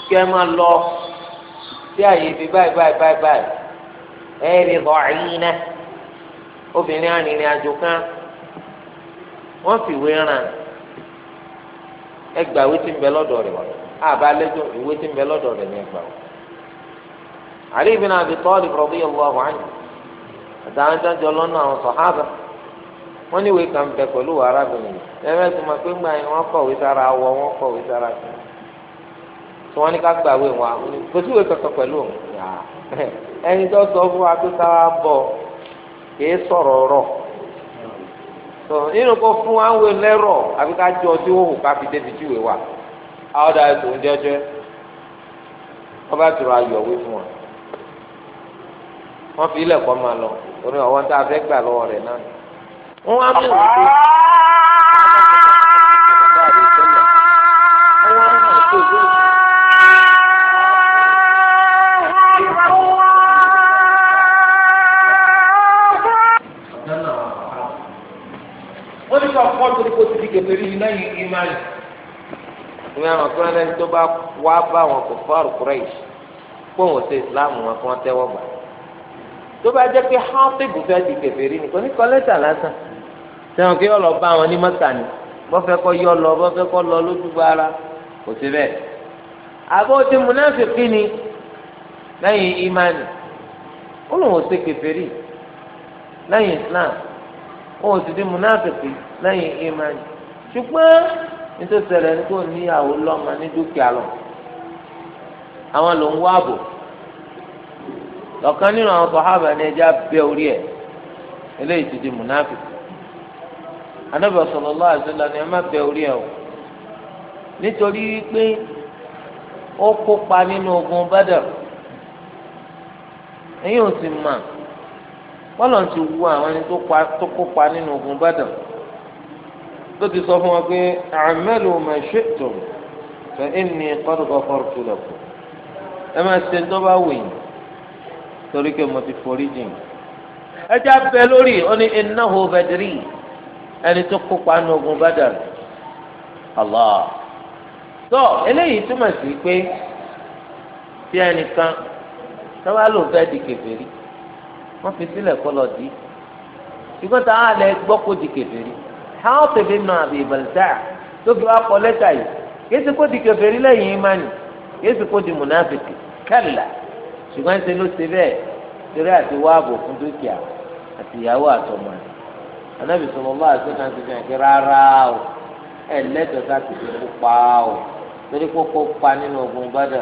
[SPEAKER 2] kẹ́ máa lọ sí àyè ibi báyìí báyìí báyìí báyìí ẹ̀ẹ́dì dọ̀ọ̀yìnà obìnrin arìnrìn àjò kan wọ́n fìwé ràn ẹgbàá ìwé tí ń bẹ lọ́dọ̀ rẹ̀ wá àbálẹ́jọ́ ìwé tí ń bẹ lọ́dọ̀ rẹ̀ ní ẹgbàá Ali àtàwọn jọjọ lọ́nà àwọn sọ̀hábà wọ́n ní ìwé kan bẹ pẹ̀lú arábìnrin ẹ̀rẹ́ tó máa pé ńgbà yẹn wọ́n kọ̀wé sára awọ wọ́n kọ̀wé sára kí tí wọ́n ní ká gbàwé wọn kò sí ìwé kankan pẹ̀lú òun ẹni tó sọ fún wa pé ká bọ̀ kìí sọ̀rọ̀ rọ̀ tó nínú kó fún wa ń wé àbí ká jọ tí ó hù ká fi débi tí ìwé lọ. oní ọwọ́ tá a fẹ́ gbà lọ́wọ́ rẹ̀ náà wọ́n wá mú un pé wọ́n ní ká fọ́ torí kó ti di kẹfẹ́rí yìí lẹ́yìn ìmáyì. ìwé àwọn akọ́nẹ́lẹ́ni tó bá wá bá wọn kò fọ́ àrùkúrẹ́ yìí kó wọn wọn kí wọ́n tẹ́wọ́ gbà tó bá jẹ́ pé hátìbù fẹ́ di kèfèrí ni kò ní kọ lẹ́tà lásán sẹ́wọ̀n kí ọlọ́ bá wọn ní mọ́tà ni wọ́n fẹ́ kọ́ yọ lọ wọ́n fẹ́ kọ́ lọ lójúgbà ara kò sí bẹ́ẹ̀. àbọ̀ ti múnáfìkì ni lẹ́yìn ìmánì ó lóun ò ṣe kèfèrí lẹ́yìn islam ó sì di múnáfìkì lẹ́yìn ìmánì ṣùgbọ́n nítorí sẹ̀rẹ̀ ní kò níyàwó lọ́mọ ní dúkìá lọ àwọn ló wá àbò. lọ́kàn nínú àwọn sọ̀hábà ni ẹja bẹ́ orí ẹ̀ eléyìí ti di ni ẹ má bẹ́ orí o nítorí pé ó kópa nínú ogun Badr ẹ̀yin ò sì mà bọ́lọ̀ ti wu àwọn ẹni kópa nínú ogun Badr tó ti sọ fún wa pé a'malu ma shi'tum fa inni qad ghafartu lakum ẹ ṣe tó bá wù torí pé mo ti forí jìn ẹjẹ abẹ lórí ó ní innahu badri ẹni tó kópa ní ogun Badr Allah tó eléyìí túmọ̀ sí pé tí ẹnìkan sábà lò fẹ́ di kèfèrí wọ́n fi sílẹ̀ kọ́ lọ dì í ṣùgbọ́n táwọn alẹ́ gbọ́ kó di kèfèrí àwọn pèpè nù àbí ìbàlùtà tó fi wá kọ lẹ́tà yìí kí esi kó di kèfèrí lẹ́yìn ìmánì kí esi kó di mùnàfìkì kẹ́là ṣùgbọ́n ẹsẹ̀ ló ṣe bẹ́ẹ̀ torí àti wá ààbò fún dúkìá àti ìyàwó àtọmọ rẹ̀ anábì sọ̀rọ̀ bá àti náà ti fi hàn kí rárá o ẹ̀ lẹ́tọ̀ọ́ láti fi kópa o torí kó kópa nínú ogun bàdà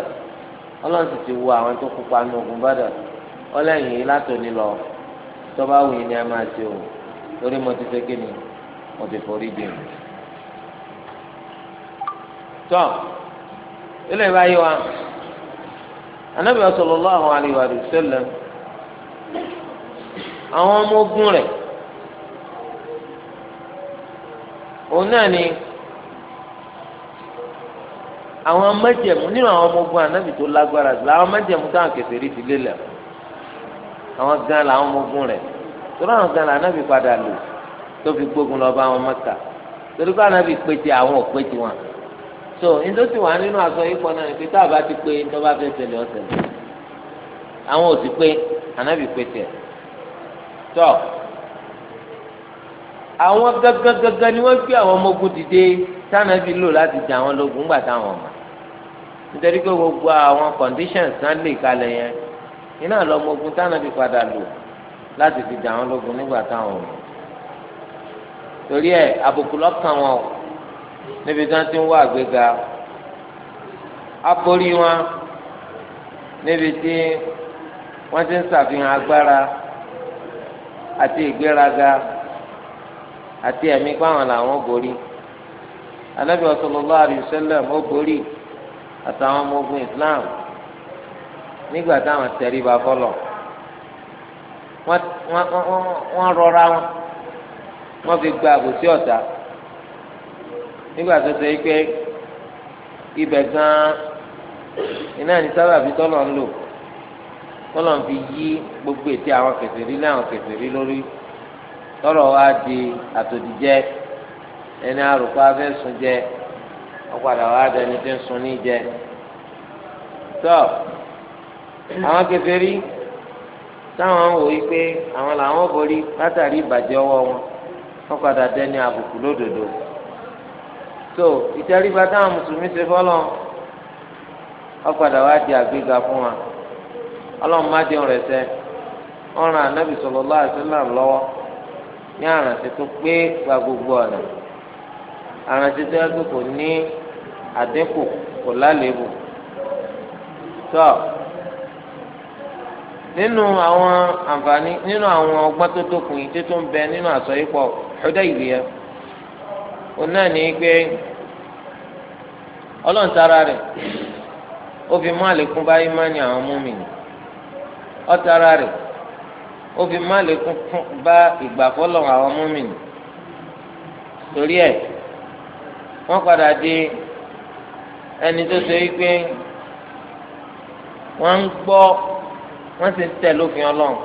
[SPEAKER 2] ọlọ́run sì ti wo àwọn tó kópa nínú ogun bàdà ọlẹ́yìn látòní lọ tọ́ba wù yín ni a máa ṣe o torí mo ti fẹ́ kí ni mo ti forí jìn tán ilé ìbáyé wa anabi sallallahu alayhi wa sallam àwọn ọmọ ogun rẹ̀ òun náà ni àwọn májẹ̀mú nínú àwọn ọmọ ogun anabi tó lágbára jù àwọn májẹ̀mú táwọn kèfèrí ti lélẹ̀ àwọn gan làwọn ọmọ ogun rẹ̀ torí àwọn gan lànàbì padà lò tó fi gbógun lọ bá wọn Mẹ́kà torí pé anabi pété àwọn ò pété wọn so nítorí wà nínú aṣọ yìí pọ̀ náà ní pé tá a bá ti pé tó bá fẹ́ ṣẹlẹ̀ ọ̀sẹ̀ lọ àwọn ò sì pé ànábì pé tiẹ̀ tọ́ àwọn gangan gangan ni wọ́n gbé àwọn ọmọ ogun dìde tánàbì lò láti jà àwọn lógun gbà táwọn ọmọ nítorí pé gbogbo àwọn conditions náà lè kalẹ̀ yẹn iná lọ́mọ ogun tánàbì padà lò láti fi jà àwọn lógun nígbà táwọn ọmọ torí ẹ̀ àbùkù lọ́kàn wọn o níbi tí wọ́n ti ń wá àgbéga aborí wọn níbi tí wọ́n ti ń ṣàfihàn agbára àti ìgbéraga àti ẹ̀mí pàwọn làwọn borí anabi sallallahu alaihi wasallam ó borí àtàwọn ọmọ ogun islam nígbà táwọn tẹríba fọlọ wọ́n rọra wọn wọ́n fi gba àbòsí ọ̀tá nígbà tó ṣe pé ibẹ̀ gan iná ní sábàbí tọ́lọ̀ ń lò tọ́lọ̀ ń fi yí gbogbo ètè àwọn kèfèrí láwọn kèfèrí lórí tọ́lọ̀ wá di àtòdìjẹ́ ẹni àròkọ afẹ́sùn jẹ ọ̀padà wá dẹni tí ń sun ní jẹ tọ́ àwọn kèfèrí táwọn wò yí pé àwọn làwọn borí látàrí ìbàjẹ́ ọwọ́ wọn wọ́n dẹni àbùkù lódodo. so ìtẹríba táwọn mùsùlùmí ṣe fọlọ́ ọ̀padà wá di àgbéga fún wa ọlọ́run má dẹun rẹ̀ sẹ́ ọ̀ràn anábì sallallahu alaihi wasallam lọ́wọ́ ní àrànṣe tó pé gba gbogbo ọ̀nà àrànṣe tó yẹ kó ní àdínkù kò lálébù tọ́ nínú àwọn àǹfààní nínú àwọn ọgbọ́n tó dókun yìí tó tó ń bẹ òun náà ní pé ọlọ́run tara rẹ̀ ó fi mú àlékún bá ìmánì àwọn múmìnì ó tara rẹ̀ ó fi mú àlékún bá ìgbàfọ́lọ̀ àwọn múmìnì torí ẹ̀ wọ́n padà di ẹni tó ṣe wípé wọ́n ń gbọ́ wọ́n sì ń tẹ̀ lófin ọlọ́run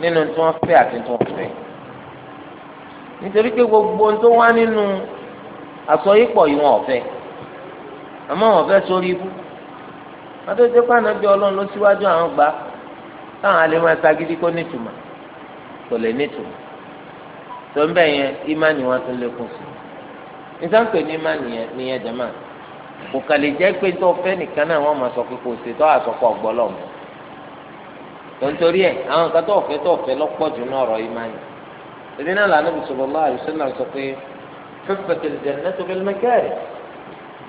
[SPEAKER 2] nínú tí wọ́n fẹ́ àti tí wọ́n fẹ́. nítorí pé gbogbo ohun tó wá nínú àsọyípọ̀ yìí wọn ọ̀fẹ́ àmọ́ wọn fẹ́ sórí ibú adójọ́ pàánà bí ọlọ́run ló síwájú àwọn gbà táwọn alẹ́ máa sagídí kó nítumọ̀ kò lè nítumọ̀ tó ń bẹ̀ yẹn ìmánì wọn tún lékún sí i nísàǹpé ní ìmánì yẹn nìyẹn kò kà lè jẹ́ pé tó fẹ́ nìkan náà wọ́n máa ìdí náà lànà bí sallallahu alaihi wasallam sọ pé huffat al-jannatu bil-makarih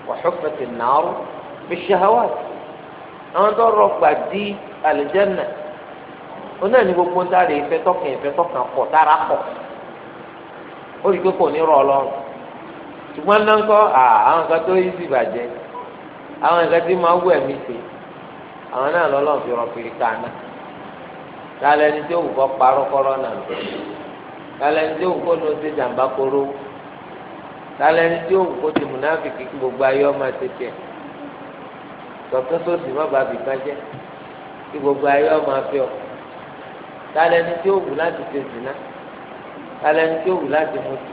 [SPEAKER 2] wa huffat an-nar bish-shahawat àwọn tó rọ gbàdí àlùjẹ́nà oní ẹni gbogbo ń dáre ìfẹ́ tọkàn ìfẹ́ tọkàn pọ̀ tára pọ̀ ó rí i pé kò ní rọ ọlọ́run ṣùgbọ́n náà ń kọ́ àwọn kan tó yí sí ìbàjẹ́ àwọn nǹkan tí máa wú ẹ̀mí sí àwọn náà lọ́lọ́run fi rọ pèrè kàná lálẹ́ ẹni tí ó wù kọ́ parọ́ kọ́rọ́ náà lọ talẹni tí òun kó nu ti jàmbá koro talẹni tí òun kó ti múnáfìkì kí gbogbo ayé ọmọ tètè tọ̀tún tó sì má bàbí kan jẹ́ kí gbogbo ayé ọmọ afẹ́ ọ talẹni tí òun láti ṣe zìnà talẹni tí òun láti mutí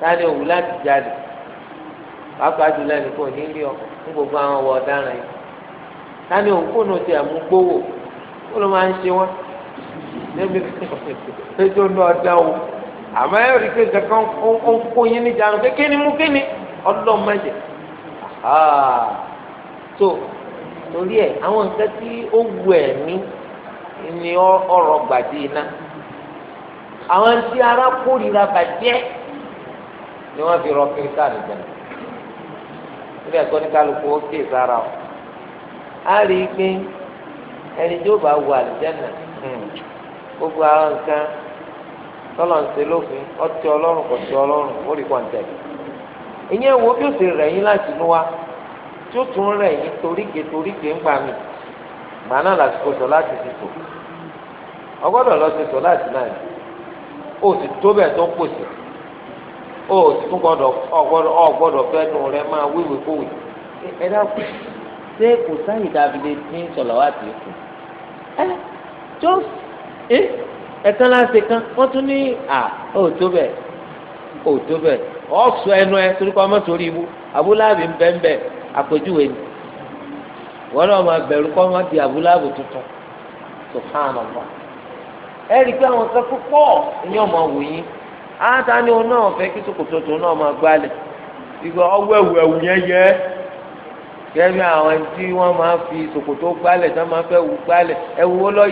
[SPEAKER 2] tani òun láti jalè pàápàá jùlọ ẹnìkan ní ọ ní gbogbo àwọn ọwọ́ ọ̀daràn yìí tani òun kó nu ti àmúgbówò kó ló máa ń ṣe wọn níbi ẹjọ́ náà dáwọ́ àmọ́ ẹ rí i pé kankan ó ń kó yín níjànú pé kíni mú kíni ọlọ́mọdé so torí ẹ àwọn nǹkan tí ó wù ẹ ní ni ọ̀rọ̀ gbàdé iná àwọn tí ara kórìíra bàjẹ́ ni wọ́n fi rọ kíríkà nìjẹ́ níbi ẹ̀kọ́ ní kálukú ó kéè sára o a rí i pé ẹni tí ó bá wù àlùjẹ́ náà. Hmm, gbogbo àwọn nǹkan tọ́lọ̀ ń ṣe lófin ọtí ọlọ́run kò sí ọlọ́run ó rí kọ́ńtẹ̀. ìyẹn wo bí ó rẹ̀ yín láti inú wa tí ó tún rẹ̀ yín toríke toríke ń gbà mí gbà náà lásìkò sọ láti ti tò ọgọ́dọ̀ lọ ti tò láti náà ni ó sì tó bẹ̀ tó ń pòsè ó sì tún gbọ́dọ̀ ọ̀gbọ́dọ̀ fẹ́nu ẹ ẹ̀kan láti kan wọ́n tún ní à ó tó bẹ̀ ó tó bẹ̀ ọ̀ sọ ẹnu ẹ torí kọ́ ọmọ sórí ibú abúláàbí ń bẹ́ẹ̀ bẹ́ẹ̀ àpèjúwe ni wọ́n náà máa bẹ̀rù kọ́ ọmọ di abúláàbò tuntun subhanallah ẹ rí i pé àwọn kan púpọ̀ ní ọmọ wò yín á náà fẹ́ kí sòkòtò náà máa gbálẹ̀ ìgbà ọwọ́ ẹ̀wù ẹ̀wù yẹn yẹ kẹ́mi àwọn tí wọ́n máa fi ṣòkòtò gbálẹ̀ tí wọ́n máa fẹ́ wù gbálẹ̀ ẹ̀wù wo lọ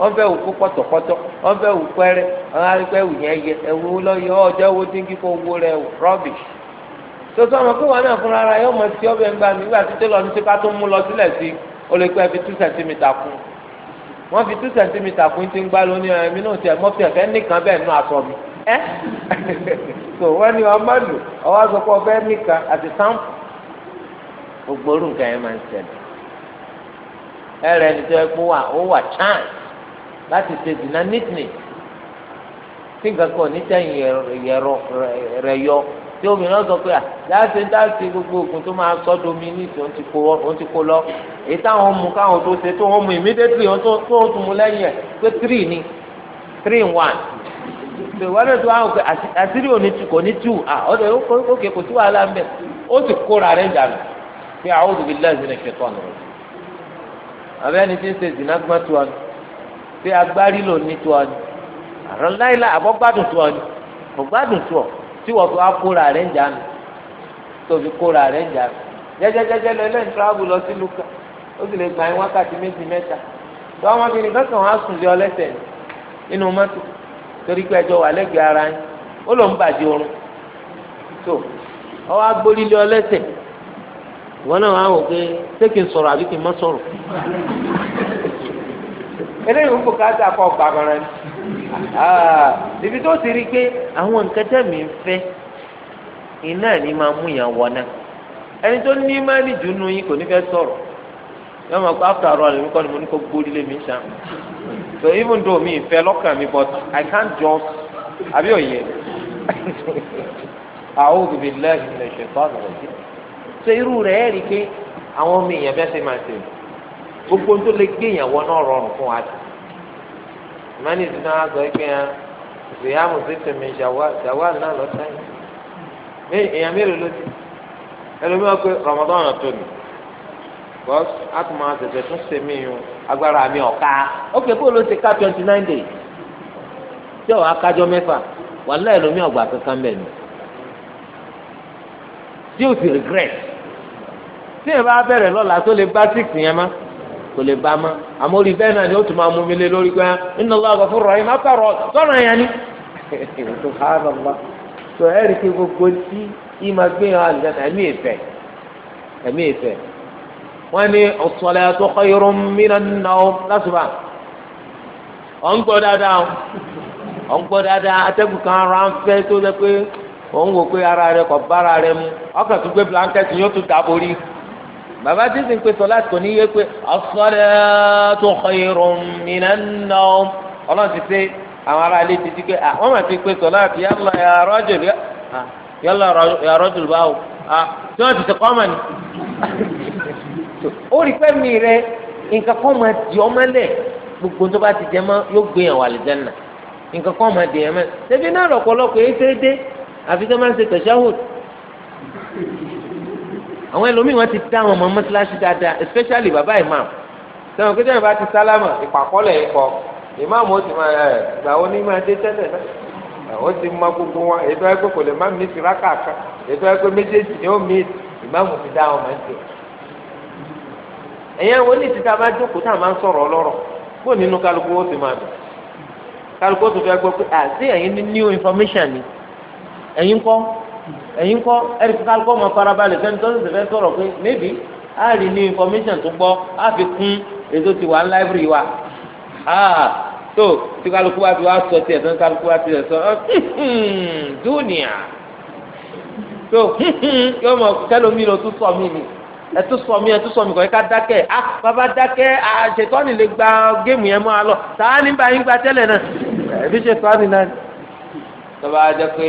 [SPEAKER 2] wọ́n fẹ́ wù kó pọ̀tọ̀pọ̀tọ̀ wọ́n fẹ́ wù pẹ́rẹ́ wọ́n á fẹ́ wù yẹn yẹ ẹ̀wù wo lọ yọ ọjọ́ wo tí kí kó wo kó wọn náà ara yóò mọ sí ọbẹ̀ ńgbà mi nígbà tí tó lọ ní sípá tó mú o fi gbogbo orú nǹkan yẹn máa ń ṣẹlẹ̀ ẹrẹ ẹni tó yẹ kó wà ó wà chance láti ṣe dìnnà nítìní tí nǹkan kan ní sẹ́yìn yẹrọ rẹ yọ tí ah, gbogbo oògùn tó máa sọ́dọ̀ mi ní òun ti kó lọ èyí táwọn mú káwọn tó ṣe tó wọn mú immediately wọn tó wọn ni three in one ṣe wọn lè tó àwọn pé àṣírí òní kò ní two ah ọ̀dọ̀ òkè kò sí wàhálà ń bẹ̀ pé a'udhu billahi minash shaitanir rajim abẹ́ni tí ń ṣe zina gbọ́n tó ọ ni pé agbárí ló ní tó ni àrùn láìla àbọ̀ gbádùn tó ọ ni kò gbádùn tó ọ tí wọ́n fi wá kóra rẹ̀ ń tó fi rẹ̀ ń jẹ́jẹ́jẹ́jẹ́ lọ ilé ìtúráàbù lọ sí luka ó sì lè gbà yín wákàtí méjì mẹ́ta tó àwọn wọn á sùn sí ọ wọn náà wà wò pé ṣé kí n sọ̀rọ̀ àbí kí n má sọ̀rọ̀ eléyìí ń bùkátà kọ gbàgbọràn ni ah, ibi tó ti rí i pé àwọn nǹkan tẹ̀mí ń fẹ́ iná ni máa mú yàn wọ náà ẹni tó ní mánì jù nù yín kò ní fẹ́ sọ̀rọ̀ yọọ ma ko after all mi kọ́ ni mo ní kó gbórí lé mi sàn so even though mi fẹ́ lọ́kàn mi but I can't just àbí òye àwọn òbí mi lẹ́yìn lè ṣe fún àgbà yìí. so irú rẹ̀ ẹ́ rí i pé àwọn ọmọ èèyàn bẹ́ẹ̀ ṣe máa ṣe gbogbo tó lè gbé èèyàn náà rọrùn fún wa jù ìmọ̀ni ìdùnnú wa sọ pé ìyáàmù tètè mi ṣàwáàlì náà lọ sẹ́yìn èèyàn mélòó ló ti ẹlòmíràn pé Ramadan tó nì bọ́s àtúmọ̀ àtẹ̀tẹ̀ tún ṣe mí yun agbára mi ọ̀ka ó pè kó ló ti ká twenty nine days tí ọ̀ akájọ mẹ́fà wàhálà ẹlòmíràn kankan ni tí tí èèyàn bá bẹ̀rẹ̀ lọ́la tó lè bá tíìkì yẹn má kò lè bá má àmọ́ bẹ́ẹ̀ náà ni ó tún máa mú mi lé lórí pé inna Allaha ghafurur rahim má yẹn ni. tó ẹ rí i pé gbogbo tí ìmọ̀ gbé yàn àlùjá ẹ̀mí ìfẹ́ ẹ̀mí ìfẹ́ wọ́n ní lásùbà gbọ́ dáadáa gbọ́ dáadáa atẹ́gùn kan ara ń fẹ́ tó lẹ́ pé òun wò pé ara kọ̀ bá ara mu ọkàn bàbá tí sì ń pe sọlá kò ní yé pé as-salatu khayrun minan nawm ọlọ́run ti ṣe àwọn ará ilé ti di pé ah, wọ́n máa fi pe sọlá kì yálà ya rajul yálà ah, ya rajul báwo ah, tí wọ́n ti ṣe kọ́mọ̀ ni. ó rí pẹ́ mi rẹ nǹkan kan máa di ọmọ lẹ̀ gbogbo tó bá ti jẹ mọ́ yóò gbé yàn wà àlùjánnà nǹkan kan máa di yàn mọ́ ṣẹbi náà lọ́pọ̀lọpọ̀ èyí ṣe dé àfi tó máa ń ṣe tẹ̀síáhùd àwọn ẹlòmíì wọn ti dá àwọn ọmọ mọ́sálásí dáadáa especially bàbá imam sẹ́wọ̀n kí sẹ́wọ̀n bá ti sálámà ìpàkọ́lẹ̀ ikọ̀ ìmáàmù ó ti máa ẹ̀ gbà ó ní máa dé tẹ́lẹ̀ náà ó ti mọ gbogbo wọn ètò ẹgbẹ́ kò lè má mi ti rákà kan ètò ẹgbẹ́ méjèèjì ni ó mi ìmáàmù ti dá àwọn máa ń tẹ̀. ẹ̀yẹ́ wọn ní títa bá jókòó tá a máa ń sọ̀rọ̀ ọlọ́rọ̀ kó nínú kálukú ó ti máa dùn kálukú ó ti fẹ́ gbọ́ pé àti ah, ẹ̀yin ní new information ni ẹ̀yin kọ́ ẹ̀yin kọ́ ẹ̀rí kíkà kọ́ ọmọ farabalẹ̀ fẹ́ni tó ń sèfẹ́ sọ̀rọ̀ pé maybe a rí ní information tó gbọ́ a fi kún èso ti wà ní library wa tó ah, tí kálukú wa fi wá sọ tiẹ̀ tó ń kálukú wa tiẹ̀ sọ oh, dúnìá tó yóò mọ̀ kẹlómi ló tún sọ mí ni ẹtú sọ mí ẹtú sọ mí kọ́ ẹ ká dákẹ́ ah bàbá dákẹ́ àṣetọ́ni ah, lè gba géèmù yẹn mọ́ alọ́ tàá nígbà yín gba tẹ́lẹ̀ náà ẹbí ṣetọ́ni náà tọ́ba jẹ́ pé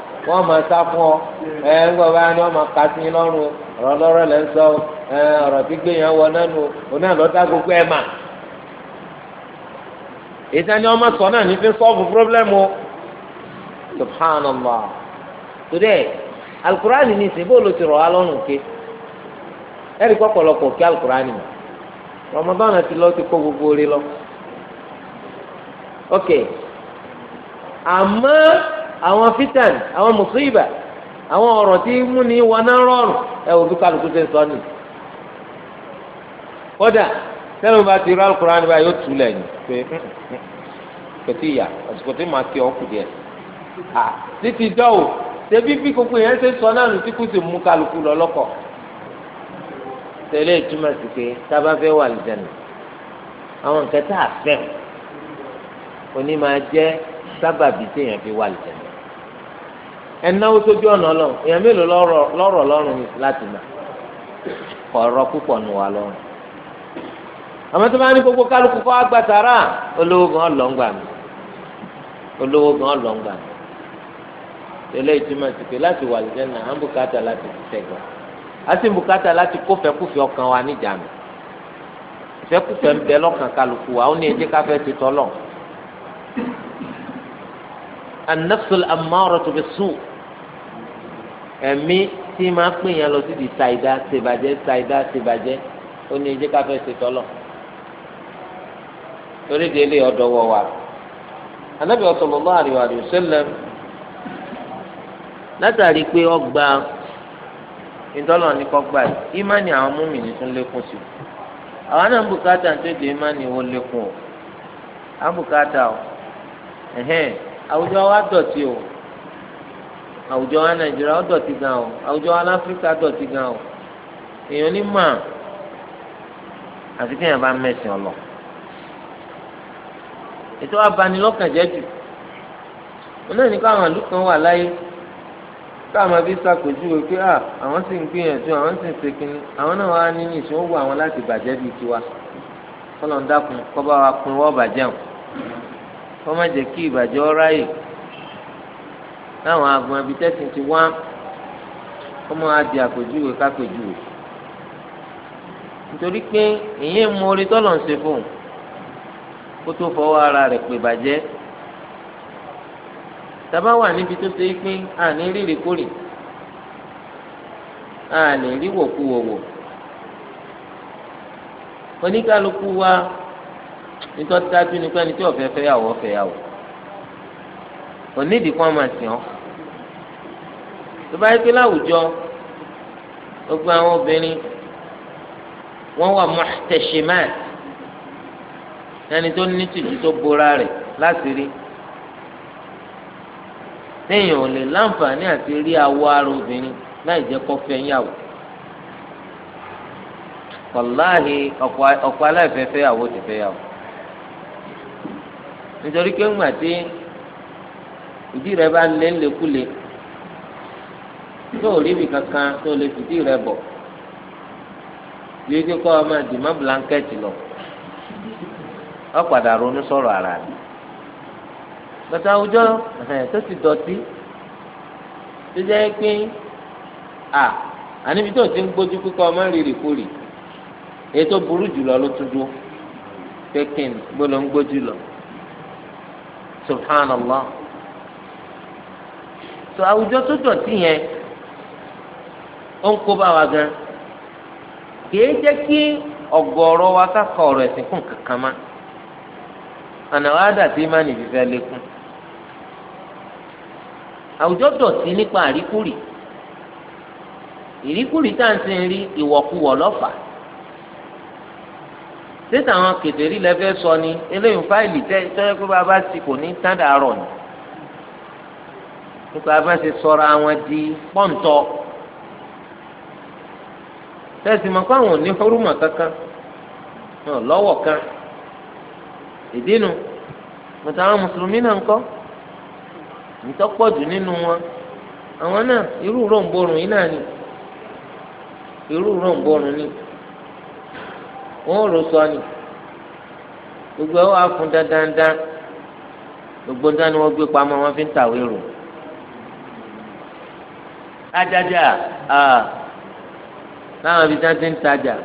[SPEAKER 2] wọ́n ma sá fún ọ ẹ ńgbọ́ bá ní wọ́n máa kà sí lọ́rùn ọ̀rọ̀ lọ́rọ̀ lẹ́ ń sọ ẹ ọ̀rọ̀ tí gbéyàn wọ nánu òun náà lọ́dá gbogbo ẹ̀ ìtàn ni sọ náà ní fi subhanallah today alukur'an ni sè bó ló ti rọ̀ alọ́run ké ẹ̀rí kọ́kọ́lọ́kọ́ kí ti lọ ti kó lọ. ok àmọ́. àwọn fitan àwọn musiba àwọn ọ̀rọ̀ tí múni wọná rọrùn ẹ wò bí kálukú ṣe ń sọ ni. kódà sẹ́nu bá ti rọ alukóra níbà yóò tu lẹ̀ ní pé hmm, hmm, hmm, kòtí ìyá àsìkò tí màá kí ọ kù díẹ̀. títí dọ́wò tẹ̀bí bí gbogbo yẹn ṣe sọ náà tí kò sì mú kálukú lọ lọ́kọ̀. tẹ̀lé ìtumọ̀ sí pé tábà fẹ́ wà lìjẹ̀nà àwọn nǹkan tá a fẹ́ òní máa jẹ́ sábàbí téèyàn fi wà lìjẹ̀nà ẹnáwó sójú ọ̀nà ọlọ́run èèyàn mélòó lọ́rọ̀ lọ́rùn láti nà kọ̀ọ̀rọ̀ púpọ̀ nù wá lọ́rùn. àmọ́ tó bá ní gbogbo kálukú kọ́ àgbà sàrà olówó gan lọ́ngbà mi olówó gan lọ́ngbà mi tẹ́lẹ̀ ìtumọ̀ sí pé láti wà lẹ́jẹ̀ náà à ń bùkátà láti ṣiṣẹ́ a sì ń bùkátà láti kó fẹ́kùfẹ́ ọkàn wa níjànú fẹ́kùfẹ́ ń bẹ lọ́kàn kálukú wa ó ní ẹjẹ́ káfẹ́ ti tọ́lọ̀ an-nafsul ammaratu bis ẹ̀mí tí máa pè yẹn lọ di ṣàìdá ṣèbàjẹ́ ṣàìdá ṣèbàjẹ́ ó ní ẹjẹ́ káfẹ́ ṣètọ́lọ̀ torí di ilé ọdọ wọ̀ wá. anábì sallallahu alaihi wa látàrí pé ọgbà ìtọ́lọ̀ ní kọ́gbà ìmánì àwọn múmìnì tún lékún sí àwọn náà ń bùkátà ń ìmánì wọn lékún o àwùjọ o. àwùjọ wa nàìjíríà ó dọ̀tí gan o àwùjọ wa láfíríkà dọ̀tí gan o èèyàn ní mà àti kéèyàn bá mẹ̀sìn ọlọ ètò abanilọ́kànjẹ́ jù wọn náà ní kó àwọn àlù kan wà láyé káàmà bí sàkójúwe pé à àwọn sì ń gbìyànjú àwọn sì ń ṣe kínní àwọn náà wà nínú ìṣó wọ àwọn láti bàjẹ́ bíi tiwa kọ́lọ̀ ń kọ́ bá wa pin wọ́ọ̀ bàjẹ́ hàn kọ́ má jẹ́ kí ìbàjẹ́ ọ ráyè láwọn agbọn ibi tẹ́sìn ti wá ọmọ adì àpèjúwe kápèjúwe nítorí pé ìyẹn mú orí tọ́lọ̀ ń ṣe fún un kó tó fọwọ́ ara rẹ̀ pè bàjẹ́ tàbá wà níbi tó ṣe é pín àní rírì kórì àní ríwòkúwòwò oníkálukú wa nítorí dájú ni pé ẹni tí ọ̀fẹ́ fẹ́ yàwó ọ̀fẹ́ yàwó onídìí kan máa sìn ọ́ tó bá yẹ pé láwùjọ gbogbo àwọn obìnrin wọ́n wà muhtashimah ẹni tó ní tìjú tó bora rẹ̀ láti rí téèyàn ò lè láǹfààní àti rí awọ ara obìnrin láì jẹ́ kó fẹ́ yàwó wàláhì ọ̀pọ̀ aláìfẹ́fẹ́ yàwó ti fẹ́ yàwó nítorí pé ńgbà tí. ìdí rẹ bá lé lékulè tó rí kankan tó lè fìdí rẹ bọ bí kọ́ ọ blanketi lọ ọ padà ronú sọ̀rọ̀ ara rẹ̀ bàtà àwùjọ tó ti dọ̀tí tó jẹ́ pé à àníbi tó ti ń gbójú kíkọ́ ọ rírì kúrì èyí tó burú jùlọ ló tún dúró gbọ́dọ̀ ń gbójú subhanallah. so àwùjọ tó dọ̀tí yẹn ó ń kó bá wa gan kìí jẹ́ kí ọ̀gọ̀ọ̀rọ̀ wa kákọ̀ ọ̀rọ̀ ẹ̀sìn kún kankan má àná wa dà sí má nìyí fẹ́ lékún àwùjọ dọ̀tí nípa àríkùrì ìríkùrì tá à ń rí ìwọ̀kuwọ̀ sọ ni eléyìí fáìlì tẹ́ tọ́jú pé bàbá ti kò ní tádàárọ̀ ni. nípa abẹ́sí sọ̀rọ̀ àwọn di pọ́ǹtọ́ tẹ́sí mọ̀ àwọn ò hórùmọ̀ kankan náà lọ́wọ́ kan ìdínú bàtà àwọn mùsùlùmí náà ń kọ́ ìtọ́pọ̀jù nínú wọn àwọn náà irú ròǹbòrùn yìí náà ni irú ròǹbòrùn ni wọn rò sọ ni gbogbo ẹ wà fún gbogbo dandan ni wọn gbé pamọ́ wọn fi ń tàwé rò. ajaja ah. láwọn ibi tí ti ń tajà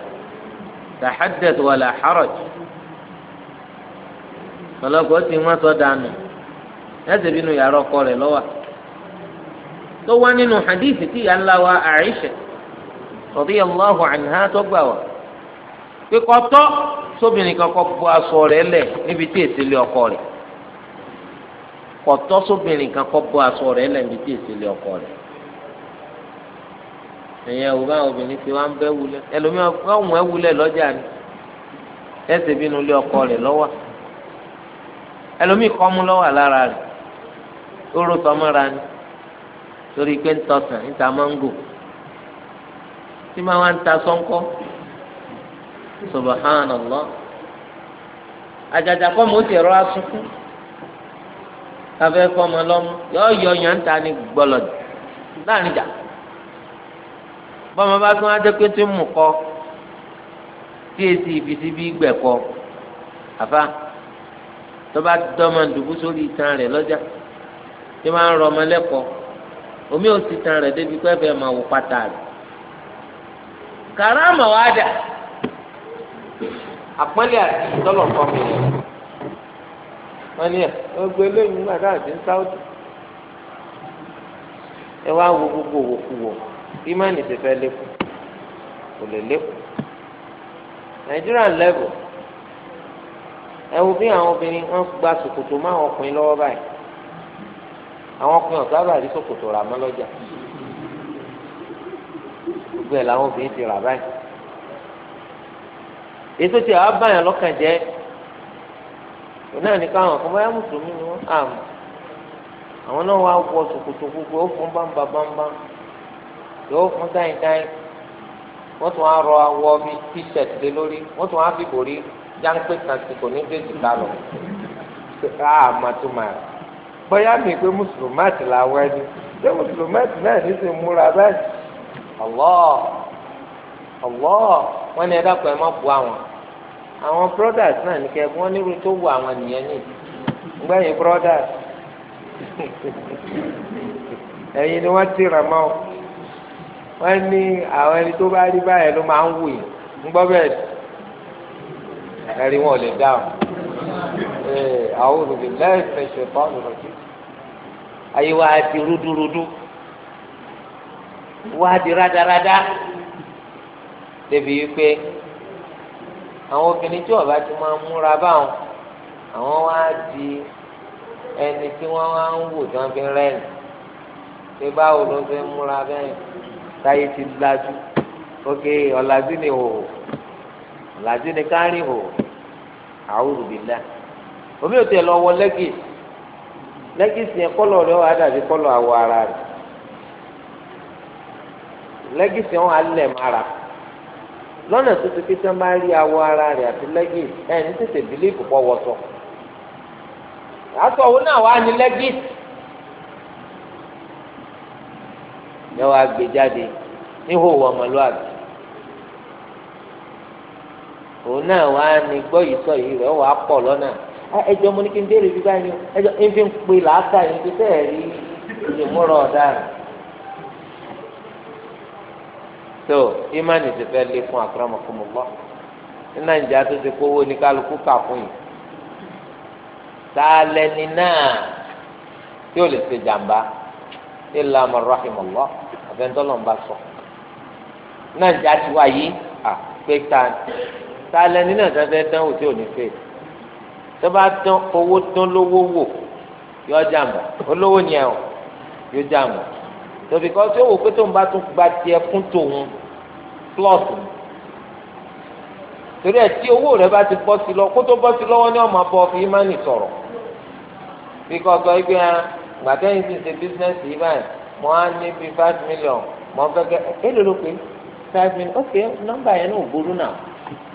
[SPEAKER 2] tàḥadẹ̀t wàlà xarọ̀j ọlọ́gbọ́n ti wọ́n sọ dànù ẹ̀sẹ̀ bínú yàrá ọkọ rẹ̀ lọ́wọ́ tó wá nínú hadith tí ìyá wa Àìṣà allahu anha tó gbà wá kíkọ́ sóbìnrin kan bu aṣọ ẹ̀yẹn wò báwọn obìnrin ti wá ń bẹ́ wulẹ̀ ẹlòmíràn ọ̀hún ẹ̀ wulẹ̀ lọ́jà ni ẹsẹ̀ bínú lé ọkọ rẹ̀ lọ́wọ́ ẹlòmíì kọ́ mú lọ́wọ́ lára rẹ̀ ó rò tọmọ́ra ni torí pé ń tọ̀sán níta máńgò tí máa wá ń ta sọ́ńkọ́ subhanallah àjàjà kọ́ mo ti rọra sunkún káfẹ́ fọmọ lọ́mú yọ yọ yàn ń ta ni gbọ́lọ̀dì láàrin jà bọ́mọ bá tún adé pé tí ń mú kọ́ tí èsì ìbísí bí gbẹ̀ kọ́ àfa tó bá dọ́mọ dùbú sórí itan rẹ̀ lọ́jà tí máa ń rọ ọmọ lẹ́kọ̀ọ́ omi ò sí itan rẹ̀ débi pé ẹ̀fẹ̀ máa wò pátá rẹ̀ kàrámà wá dà àpọ́nlé àti ìtọ́lọ̀ kọ́ mi rẹ̀ wọ́n ní ẹ̀ ọgbẹ́ eléyìí nígbà tá à ti ń sáwọ́dì ẹ wá wo gbogbo òwòkúwò ìmánì ti fẹ́ lékún kò lè lékún Nigerian level ẹ wo bí àwọn obìnrin wọn gba ṣòkòtò mọ́ àwọn ọkùnrin lọ́wọ́ báyìí àwọn ọkùnrin ọ̀sán àbàrí ṣòkòtò rà mọ́ lọ́jà gbogbo ẹ̀ làwọn obìnrin ti rà báyìí ètò tí àwọn abáyàn lọ́kàn jẹ́ náà ní káwọn kan báyà mùsùlùmí ni wọ́n àmọ́ àwọn náà wá wọ ṣòkòtò gbogbo ó fún bámbá bámbá yóò fún dáìndáì wọ́n tún á rọ awọ bí t-shirt lé lórí wọ́n tún á fi bòrí jáńpé kan sí kò ní déjì ká lọ káà má tó má rẹ̀ bóyá mi pé mùsùlùmáàtì làwọn ẹni ṣé mùsùlùmáàtì náà ní ti múra báyìí ọlọ́ ọlọ́ wọ́n ní ẹ dákun ẹ má bu àwọn àwọn brothers náà ní kẹ́kẹ́ wọ́n nírú tó wù àwọn nìyẹn ní gbẹ̀yìn brothers ẹ̀yin ni wọ́n ti rà mọ́ ọ wọ́n ní àwọn ẹni tó bá rí báyẹn ló máa ń wù yìí ń gbọ́ bẹ́ẹ̀ ẹ̀rí wọn ò lè dáhùn ee àwọn olùbí lẹ́ẹ̀fẹ̀ ṣe fọ́ọ̀nù lọ́jọ́ ayé wa di rúdúrúdú wa di rádaràdá débi wípé àwọn obìnrin tí ọba ti máa ń múra báwọn àwọn wá di ẹni tí wọ́n wá ń wò tí wọ́n fi rẹ́ẹ̀nì pé báwo ló fẹ́ múra bẹ́ẹ̀. táyé ti lajú ókè ọ̀làjú ni hò ọ̀làjú ni kárìn hò àwùrù omi ò tẹ̀ lọ wọ lẹ́gì lẹ́gì sì yẹn kọ́lọ̀ rẹ̀ wà dàbí kọ́lọ̀ àwọ̀ ara rẹ̀ lẹ́gì sì mara lọ́nà tó ti máa rí awọ ara rẹ̀ àti lẹ́gì ẹ̀ ní tètè pọ̀ wọ́sọ̀ àtọ̀wọ́ náà yóò wá gbé nihu níhòòhò ọmọlúwàbí òun náà wá ní gbọ́ yìí sọ yìí rẹ̀ wàá pọ̀ lọ́nà ah, ẹjọ́ mo ní kí n béèrè bí báyìí o ẹjọ́ ń fi ń pe làákà rí ìmúra ọ̀daràn tó ìmánì ti fẹ́ lé fún àkàràmọ̀kọ́mọ̀gbọ́ ní nàìjíríà tó ti kówó ní kálukú kà fún yìí tá a lẹni náà tí ilà mọ̀rọ́hìm ọ̀lọ́ àfẹnudọ́lọ̀ ń bá sọ. náà jẹ́ àtiwá yìí à pé ta ta lẹni náà tẹ́tẹ́ dánwò tí ò ní fè tó bá tán owó tán lówó wò yọ jàmbá olówó ni ẹ o yọ jàmbá tòbí kan tí ó pé tó ń bá tún gba tiẹ̀ kún tòun plus torí ẹ tí owó rẹ bá ti bọ́ sí lọ kó tó bọ́ sí lọ́wọ́ ni ọmọ abọ́ fi má nì sọ̀rọ̀ bí kò sọ ẹgbẹ́ gbàtẹ́yìn ti ṣe bísíǹsì yìí báyìí mo á ní bíi five million mo fẹ́ kẹ́ èlò ló pé five million ok nọ́mbà yẹn náà ò burú náà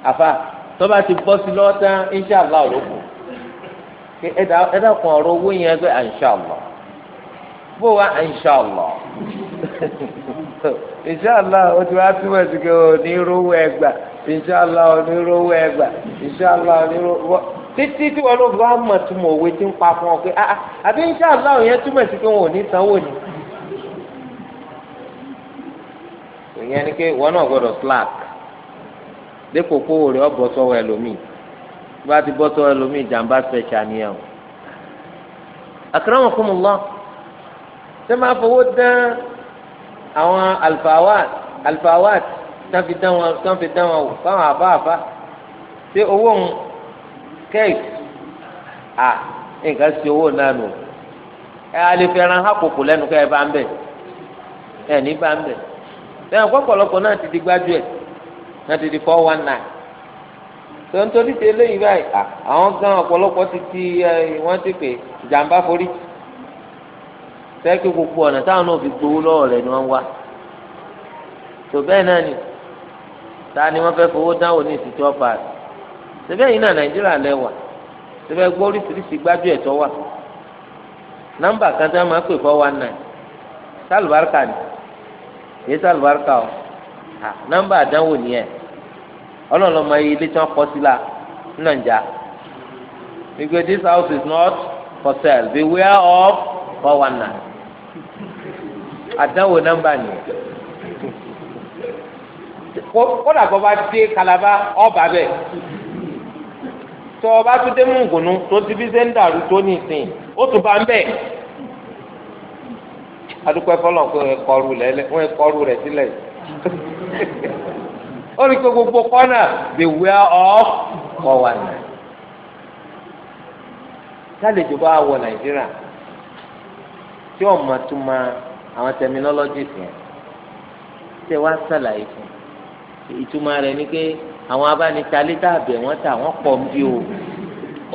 [SPEAKER 2] àfa tọ́ba ti bọ́ sí lọ́wọ́ tán inṣàlá ò ló kù ẹ dákun ọ̀rọ̀ owó yẹn gbé inṣàlá bó wa Inshallah, inṣàlá o ti wá túmọ̀ sí pé onírúurú ẹgbà inṣàlá onírúurú ẹgbà inṣàlá onírúurú títí tí wọn ló bá mọ̀ túmọ̀ òwe tí ń pa fún ọ pé ah, ah àbí ń ṣáà láwọn yẹn túmọ̀ sí pé wọn ò ní sanwó ni. ìyẹn ni pé wọn náà gbọ́dọ̀ slack dépò kówó rẹ ọbọ sọ́wọ́ ẹlòmíì bí wọn ti bọ́ sọ́wọ́ ẹlòmíì jàǹbá ṣẹṣà nìyẹn o. akramakumullah ṣé máa fowó dán àwọn alfawat alfawat tán fi dán wọn wò fáwọn àbá àbá ṣé owó ń. kéèkì Ah, nǹkan si owó náà ẹ alẹ́fẹ̀ẹ́ràn hákòkò lẹ́nu kẹ́ ẹ bá ń ẹ ní bá ń náà ti di gbájú náà ti di four one nine tó ti eléyìí báyìí àwọn gan ti ti ti pè jàǹbá forí sẹ́kì gbogbo ọ̀nà táwọn náà fi gbowó lọ́wọ́ rẹ̀ ni ta ni wọ́n fẹ́ fowó dáwọ́ ní ìsìtú ọ̀pá síbẹ̀ yìí Nigeria nàìjíríà lẹ́wà síbẹ̀ gbọ́ oríṣiríṣi gbájú ẹ̀ tó wà nọ́mbà kan tí wọ́n máa pè fọ́ one nine sálùbáríkà ni èyí sálùbáríkà o nọ́mbà àdánwò nìyẹn ọlọ́run ọmọ ilé tí wọ́n kọ́ sí la ní nàìjà because this house is not for sale beware of four one nine àdánwò nọ́mbà nìyẹn kódà kó bá dé kalaba ọba bẹ́ẹ̀ tọ ọba tún dé mùgùnú tó ti fi ṣe ń dàrú tó ní ìsìn ó tún bá ń bẹ̀. adúpẹ́ fọlọ́n pé wọ́n kọrù lẹ́lẹ́ wọ́n rẹ̀ sílẹ̀ ó rí i pé gbogbo kọ́nà the way of kọ́ wà ní. sálẹ̀jọ bá wọ nàìjíríà tí ọmọ tún máa àwọn terminologies yẹn tẹ wá sàlàyé fún ìtumọ̀ rẹ̀ ni pé àwọn abánitalé tá a bẹ̀ wọ́n ta wọ́n pọ̀ bí o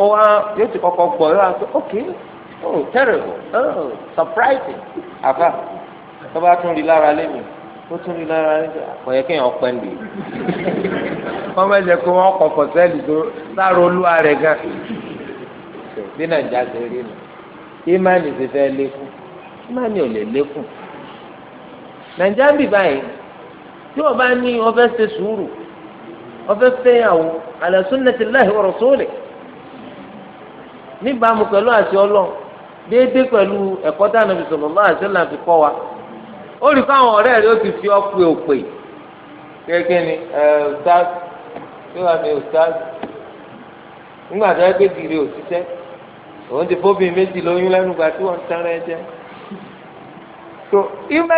[SPEAKER 2] ó wá yóò ti kọ́kọ́ gbọ́ yóò wá sọ ok oh terrible oh surprising àbá tó bá tún rí lára lẹ́nu ó tún rí lára lẹ́nu kò yẹ kéèyàn pẹ́ ń lè wọ́n bá jẹ́ pé wọ́n kọ̀kọ̀ sẹ́ẹ̀lì tó lára olúwa rẹ̀ gan bí nàìjíríà ṣe rí nu ìmánì ti fẹ́ lékún ìmánì ò lè lékún nàìjíríà ń bì báyìí tí wọ́n bá ní wọ́n ṣe sùúrù. ọfẹ́ fẹ́yàwó ala sunnatillahi wa rasulih níbàámu pẹ̀lú àti ọlọ́run déédéé pẹ̀lú ẹ̀kọ́ tí Ànábì sallallahu alaihi wasallam fi wa ó rí fáwọn ọ̀rẹ́ rẹ̀ ó ti fi òpè kéèké ni ẹ tí wàá ní ọ̀sáàs nígbà tó yẹ òun ti fóbi méjì lóyún gba tí tó tiẹ̀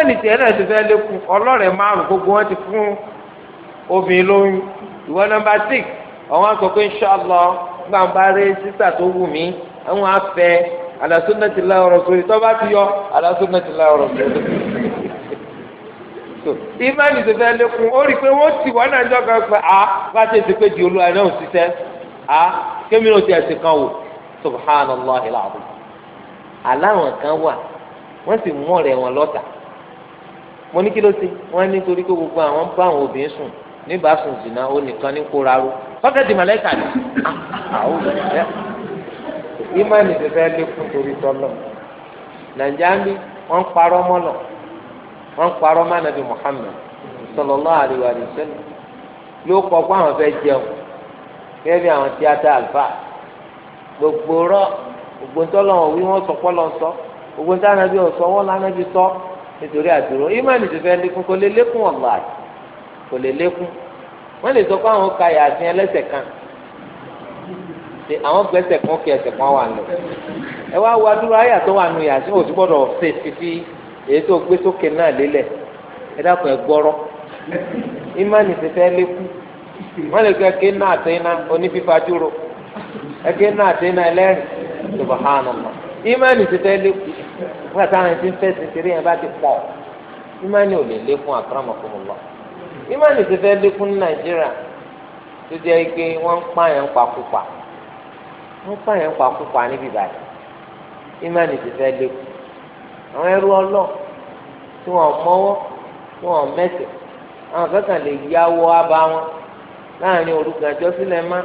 [SPEAKER 2] náà ti fẹ́ lékun ọlọ́rẹ̀ márùn gbogbo wọn ti fún obìnrin ìwọ nọ́mbà six àwọn sọ pé inṣàlọ nígbà ń bá rí sísà tó wù mí àwọn afẹ àdàsúnàtì láwọrọ sórí tó bá ti yọ àdàsúnàtì láwọrọ sórí. ìmánì tó fẹ́ lékun ó rí i pé wọ́n ti wọ́n náà jọ kan pé a ah, bá ti ti pé di olúwa náà ò ṣiṣẹ́ a ah, kémi náà ti ẹ̀sìn kan wò subhanallah ilaahu aláwọn kan wà wọ́n sì mú ọ̀rẹ́ wọn lọ́tà mo ní kí ló ṣe wọ́n ní torí pé gbogbo àwọn bá àwọn obìnrin sùn níbà sùn zìnnà ó nìkan ní kóra ni àwọn olùdíjẹ́ ìmọ̀ọ́nì ti fẹ́ lékún torí tọ́lọ̀ nàìjíríà ń bí wọ́n ń parọ́ mọ́lọ̀ wọ́n mánàbí Muhammad sallallahu alaihi ló àwọn jẹun bí àwọn tíátà gbogbo rọ wí sọ sọ sọ nítorí àdúró ti lékún lékún kò lè lékún wọ́n lè sọ pé ka yàtìn ẹlẹ́sẹ̀ kan ṣe àwọn gbẹ́sẹ̀ kan kí ẹsẹ̀ kan wà lọ ẹ wá wá dúró ayà tó wà nù yàtìn òsì gbọ́dọ̀ ṣe fífi èyí tó gbé sókè náà ẹ dákun ẹ ìmánì ti fẹ́ lékún wọ́n lè sọ ẹkẹ náà àtẹ̀yìn onífífa dúró ẹkẹ náà àtẹ̀yìn náà ẹlẹ́rìn subhanallah ìmánì ti fẹ́ lékún wọ́n àtàwọn ẹni tí ń fẹ́ yẹn bá ti ìmánì ò lè lékún ìmọ̀lì ti fẹ́ lékún ní nàìjíríà tó jẹ́ pé wọ́n ń pààyàn pakúpa wọ́n ń pààyàn pakúpa níbi báyìí ìmọ̀lì ti fẹ́ lékún àwọn ẹrú ọlọ́ tí wọ́n mọ́wọ́ tí wọ́n mẹ́sẹ̀ àwọn kankan lè yáwó abá wọn láàrin olùgbàjọ́ sílẹ̀ má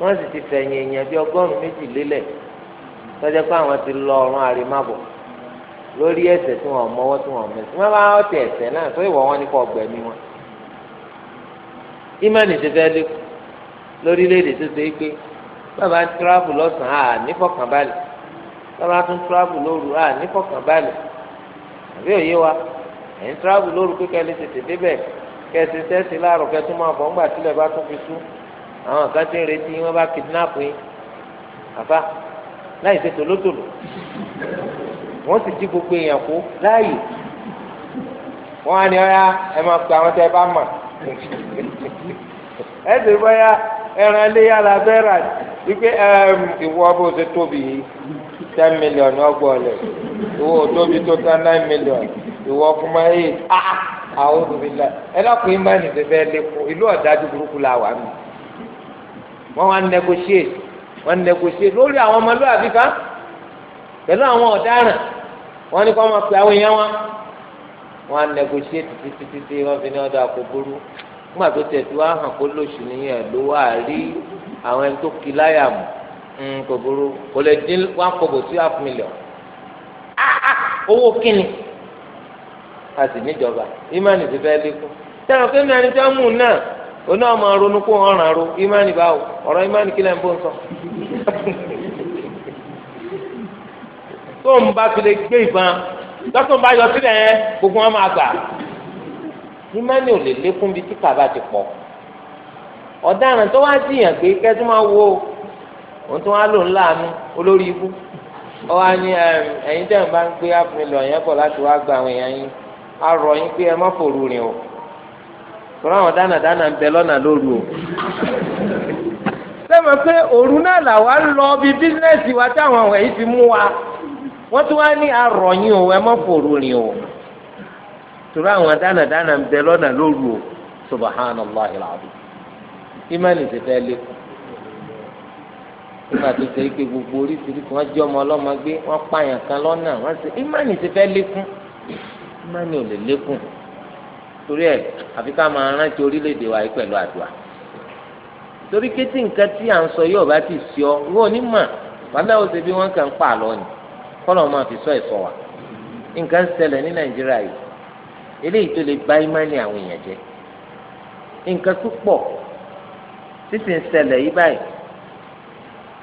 [SPEAKER 2] wọ́n sì ti fẹ̀yìn èèyàn bíi ọgọ́rùn-ún méjì lélẹ̀ tọ́jà pé àwọn ti lọ ọ̀run àrèmábọ̀ lórí ẹ̀ṣẹ̀ tí wọ́n mọ́wọ́ tí wọ́n mẹ́sẹ̀ wọ́n bá ọ̀tẹ̀ ẹ̀ṣẹ̀ náà tó ìwọ̀ wọn ní kọ́ ọgbẹ̀mí wọn ìmánì tẹ́tẹ́ lé lórílẹ̀‐èdè tó ṣe é pé bàbá ń tíráàbù lọ́sàn-án à nífọ̀kànbalẹ̀ bàbá tún tíráàbù lóru à nífọ̀kànbalẹ̀ àbí òye wa ẹ̀yin tíráàbù lóru pé kẹ́lẹ́ tètè débẹ̀ kẹ́sì tẹ́sì láàrọ̀ kẹ́tún máa bọ̀ ńgbà tílẹ̀ bá tún fi sú àwọn kan ti ń retí wọn bá kidnap yín àfa láì ṣe tòlótòló wọ́n sì jí gbogbo èèyàn kó láàyè wọ́n á ní ọ́yá ẹsẹ̀ bọ́yá ẹran iléyà la fẹ́ rà wípé ìwọ bó ṣe tóbi yìí ten million ọgbọ̀n lẹ̀ ìwọ tóbi tó tán nine million ìwọ kuma eight ah, ah àwọn obìnrin la ẹ lọ́kùn yín báyìí ṣe fẹ́ lékun ìlú ọ̀dájú burúkú la wà mí wọ́n wá negotiate wọ́n negotiate lórí àwọn ọmọlúwàbí kan pẹ̀lú àwọn ọ̀daràn wọ́n ní kó máa pe àwọn èèyàn wọn wọn á negotiate títí títí wọn fi ní ọdọ àkókòrò nígbà tó tẹ̀ tí wọ́n á hàn kó lóṣù nìyẹn ló wà rí àwọn ẹni tó kí láyà mú hmm, kòkòrò kò lè dín one kobo sí half million ah, ah, owó kínni a sì níjọba ìmánì ti fẹ́ lékún tẹ̀wọ̀n kí ni ẹni tí wọ́n mú un náà oní ọmọ ronú kó ọ̀ràn ro ìmánì báwo ọ̀rọ̀ ìmánì kílẹ̀ ń bó ń sọ tó ń bá fi lè gbé ìbọn dọ́tún bá yọ sílẹ̀ yẹn gbogbo wọn máa gbà ìmánì ò lè lékún bá ti pọ̀ ọ̀daràn tó wá jiyàn pé kẹ́tù máa wo òun tó wá lò ń olórí ni ẹ̀yin tẹ̀ bá ń gbé half yẹn láti wá gba àwọn èèyàn yín rọ̀ yín pé ẹ má àwọn wọ́n tún wá ní arọ̀yìn o ẹ mọ́ fòrò rìn o torí àwọn dánadáná ń bẹ lọ́nà lóru o subhanallahi alazim ìmánì ti fẹ́
[SPEAKER 1] nígbà
[SPEAKER 2] tó ṣe gbogbo oríṣiríṣi wọ́n jẹ́ ọmọ gbé wọ́n pààyàn kan ṣe ti ò lè torí àfi ká máa rántí wa yìí àdúrà torí nǹkan tí à ń sọ yóò bá ti sọ wọn kọ́nà máa fi sọ ẹ̀sọ́ wa nǹkan ṣẹlẹ̀ ní nàìjíríà yìí eléyìí tó lè gba ìmánì àwọn èèyàn jẹ nǹkan púpọ̀ títí ń ṣẹlẹ̀ yìí báyìí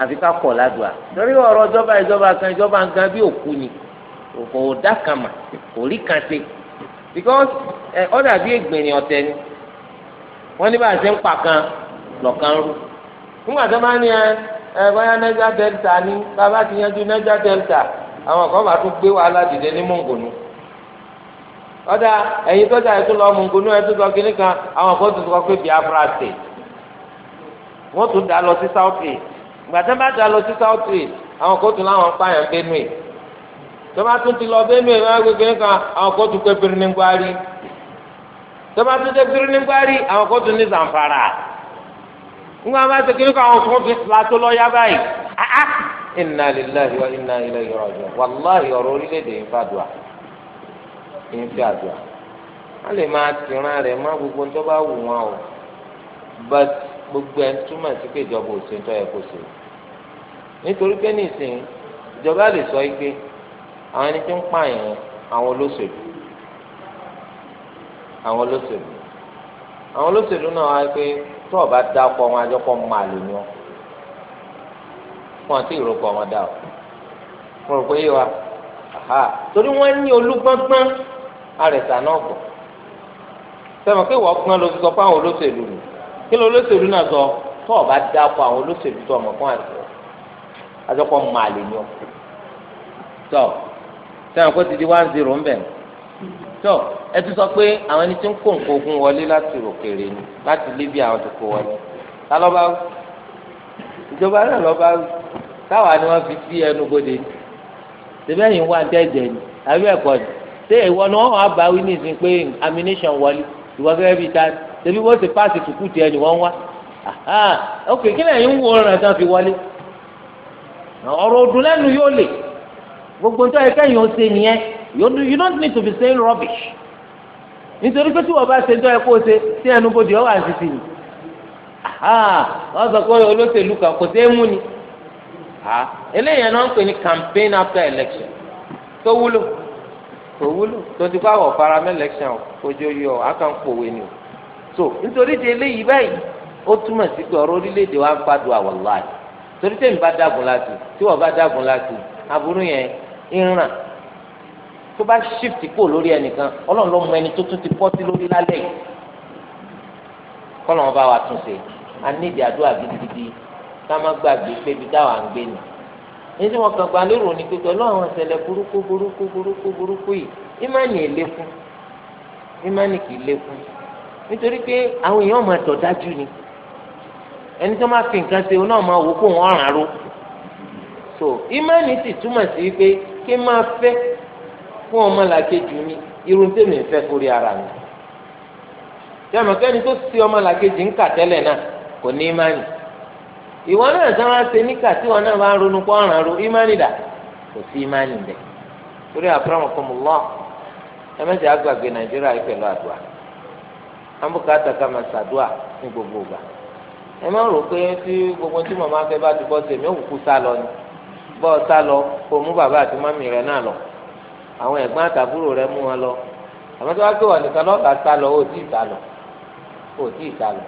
[SPEAKER 2] àfi ká kọ̀ ládùá torí ọ̀rọ̀ ìjọba ìjọba kan ìjọba ń gan bí òkú ni kò dá kan mà kò rí kan ṣe because ó dàbí ègbìnrin ọ̀tẹ̀ ni wọ́n ní bá a ṣe ń pa kan lọ̀kan rú nígbà tó bá ní ẹ ẹ bóyá delta ni bàbá ti yanjú niger delta àwọn kan máa tún gbé wàhálà dìde ní mọ̀ngònú ọ̀dà ẹ̀yin tọ́jà ẹ̀ tún lọ mọ̀ngònú ẹ̀ tún sọ kínní kan àwọn kan tún sọ pé Biafra state wọ́n tún dá lọ sí south east gbàtẹ́ bá dá lọ sí south east àwọn kan tún láwọn pààyàn Benue tọ́ba tún ti lọ Benue ẹ̀ wọ́n kínní kan àwọn kan tún pé Birnin Gwari tọ́ba tún dé Birnin àwọn kan tún ní Zamfara nígbà máa ṣe kiri kọ àwọn fún filató lọ yá báyìí ah ah inna lillahi wa inna ilayhi raji'un wàláhi ọ̀rọ̀ orílẹ̀-èdè yìí fà dùà yìí fà dùà wọ́n lè máa tìran rẹ̀ má gbogbo ń tó wù wọn o but gbogbo ẹ̀ túmọ̀ sí pé ìjọba ò ṣe ń tọ́ ẹ̀ kó ṣe nítorí pé nísìnyí ìjọba lè sọ pé àwọn ẹni tí ń pààyàn àwọn olóṣèlú àwọn olóṣèlú àwọn olóṣèlú náà wá pé. tó ọba da ọkọ wọn adé kọ mọ àlè ni wọn o wọn rò wa aha torí wọn ní olúgbọngbọn àrẹsà náà gbọ sẹmọ wọn gbọn sọ fún àwọn olóṣèlú kí ló olóṣèlú náà sọ tó ọba dá ọkọ àwọn olóṣèlú tó fún tó ẹ sọ pé àwọn ẹni tí ń kó nǹkan ogun wọlé láti òkèèrè ni láti Libya àwọn tó kó wọlé ta lọ́ba wí ìjọba náà lọ́ba táwa ni wọ́n fi sí ẹnubodè síbẹ̀ yìí wá dẹ́jẹ̀ ni àbí ẹ̀kọ́ ni ṣé ìwọ ni wọ́n wá bá wí nísìnyí pé wọlé ìwọ gẹ́gẹ́ bíi ta wọ́n ti tiẹ̀ ni wọ́n wá ok kí ń wo ọ̀ràn tán fi wọlé ọ̀rọ̀ yóò you, you don't need to be saying rubbish nítorí pé tí wọ́n bá ṣe ń tọ́ ẹ kó o ṣe tí ẹnu bodè ọ wà ń sisi ni wọ́n sọ pé olóṣèlú kan kò sí émú ni eléyìí náà ń pè ní campaign after election tó wúlò kò wúlò tó ti báwọ̀ faramẹ́ election ojú yọ akànkòwe ni o so nítorí di eléyìí báyìí ó túmọ̀ sí pé ọ̀rọ̀ orílẹ̀-èdè wa ń gbádùn àwọ̀ láàyè torí tẹ̀mí bá dàgùn láti tí wọ́n bá dàgùn láti aburú yẹn ń ràn tó bá shift kó lórí ẹnìkan ọlọ́run ló mọ ẹni tó tún ti pọ́ sí lórí lálẹ́ yìí kọ́lọ́run bá wa tún ṣe a nídìí àdúrà gidigidi ká má gbàgbé pé ibi táwa ń gbé ni ní tí wọn kàn gba lérò ní pípẹ́ lọ́wọ́n ṣẹlẹ̀ burúkú burúkú burúkú burúkú yìí ìmánì è lékún ìmánì kì í lékún nítorí pé àwọn èèyàn máa tọ̀ dájú ni ẹni tó máa fi nǹkan ṣe náà máa wò kó wọn ràn ró so ìmánì sì túmọ̀ sí pé kí n máa fẹ́ fún ọmọ làkejì mi irun tèmi fẹ́ sórí ara mi jẹ́mi kẹ́ni tó ti ọmọ làkejì ń kà tẹ́lẹ̀ náà kò ní ìmánì ìwọ náà sọ wá ṣe níkà tí wọn náà bá ń ronú pọ́ ọ̀ràn ro ìmánì dà kò sí ìmánì bẹ̀ àbúrò gbogbo ìgbà ẹ má gbogbo tí fẹ́ bá ti bọ́ kúkú sá lọ ni sá lọ àwọn ẹ̀gbọ́n àtàbúrò rẹ mú wọn lọ àmọ́ tí wọ́n gbé wọn nìkan lọ́ọ̀bà sá lọ ó tí ì sá lọ ó tí ì sá lọ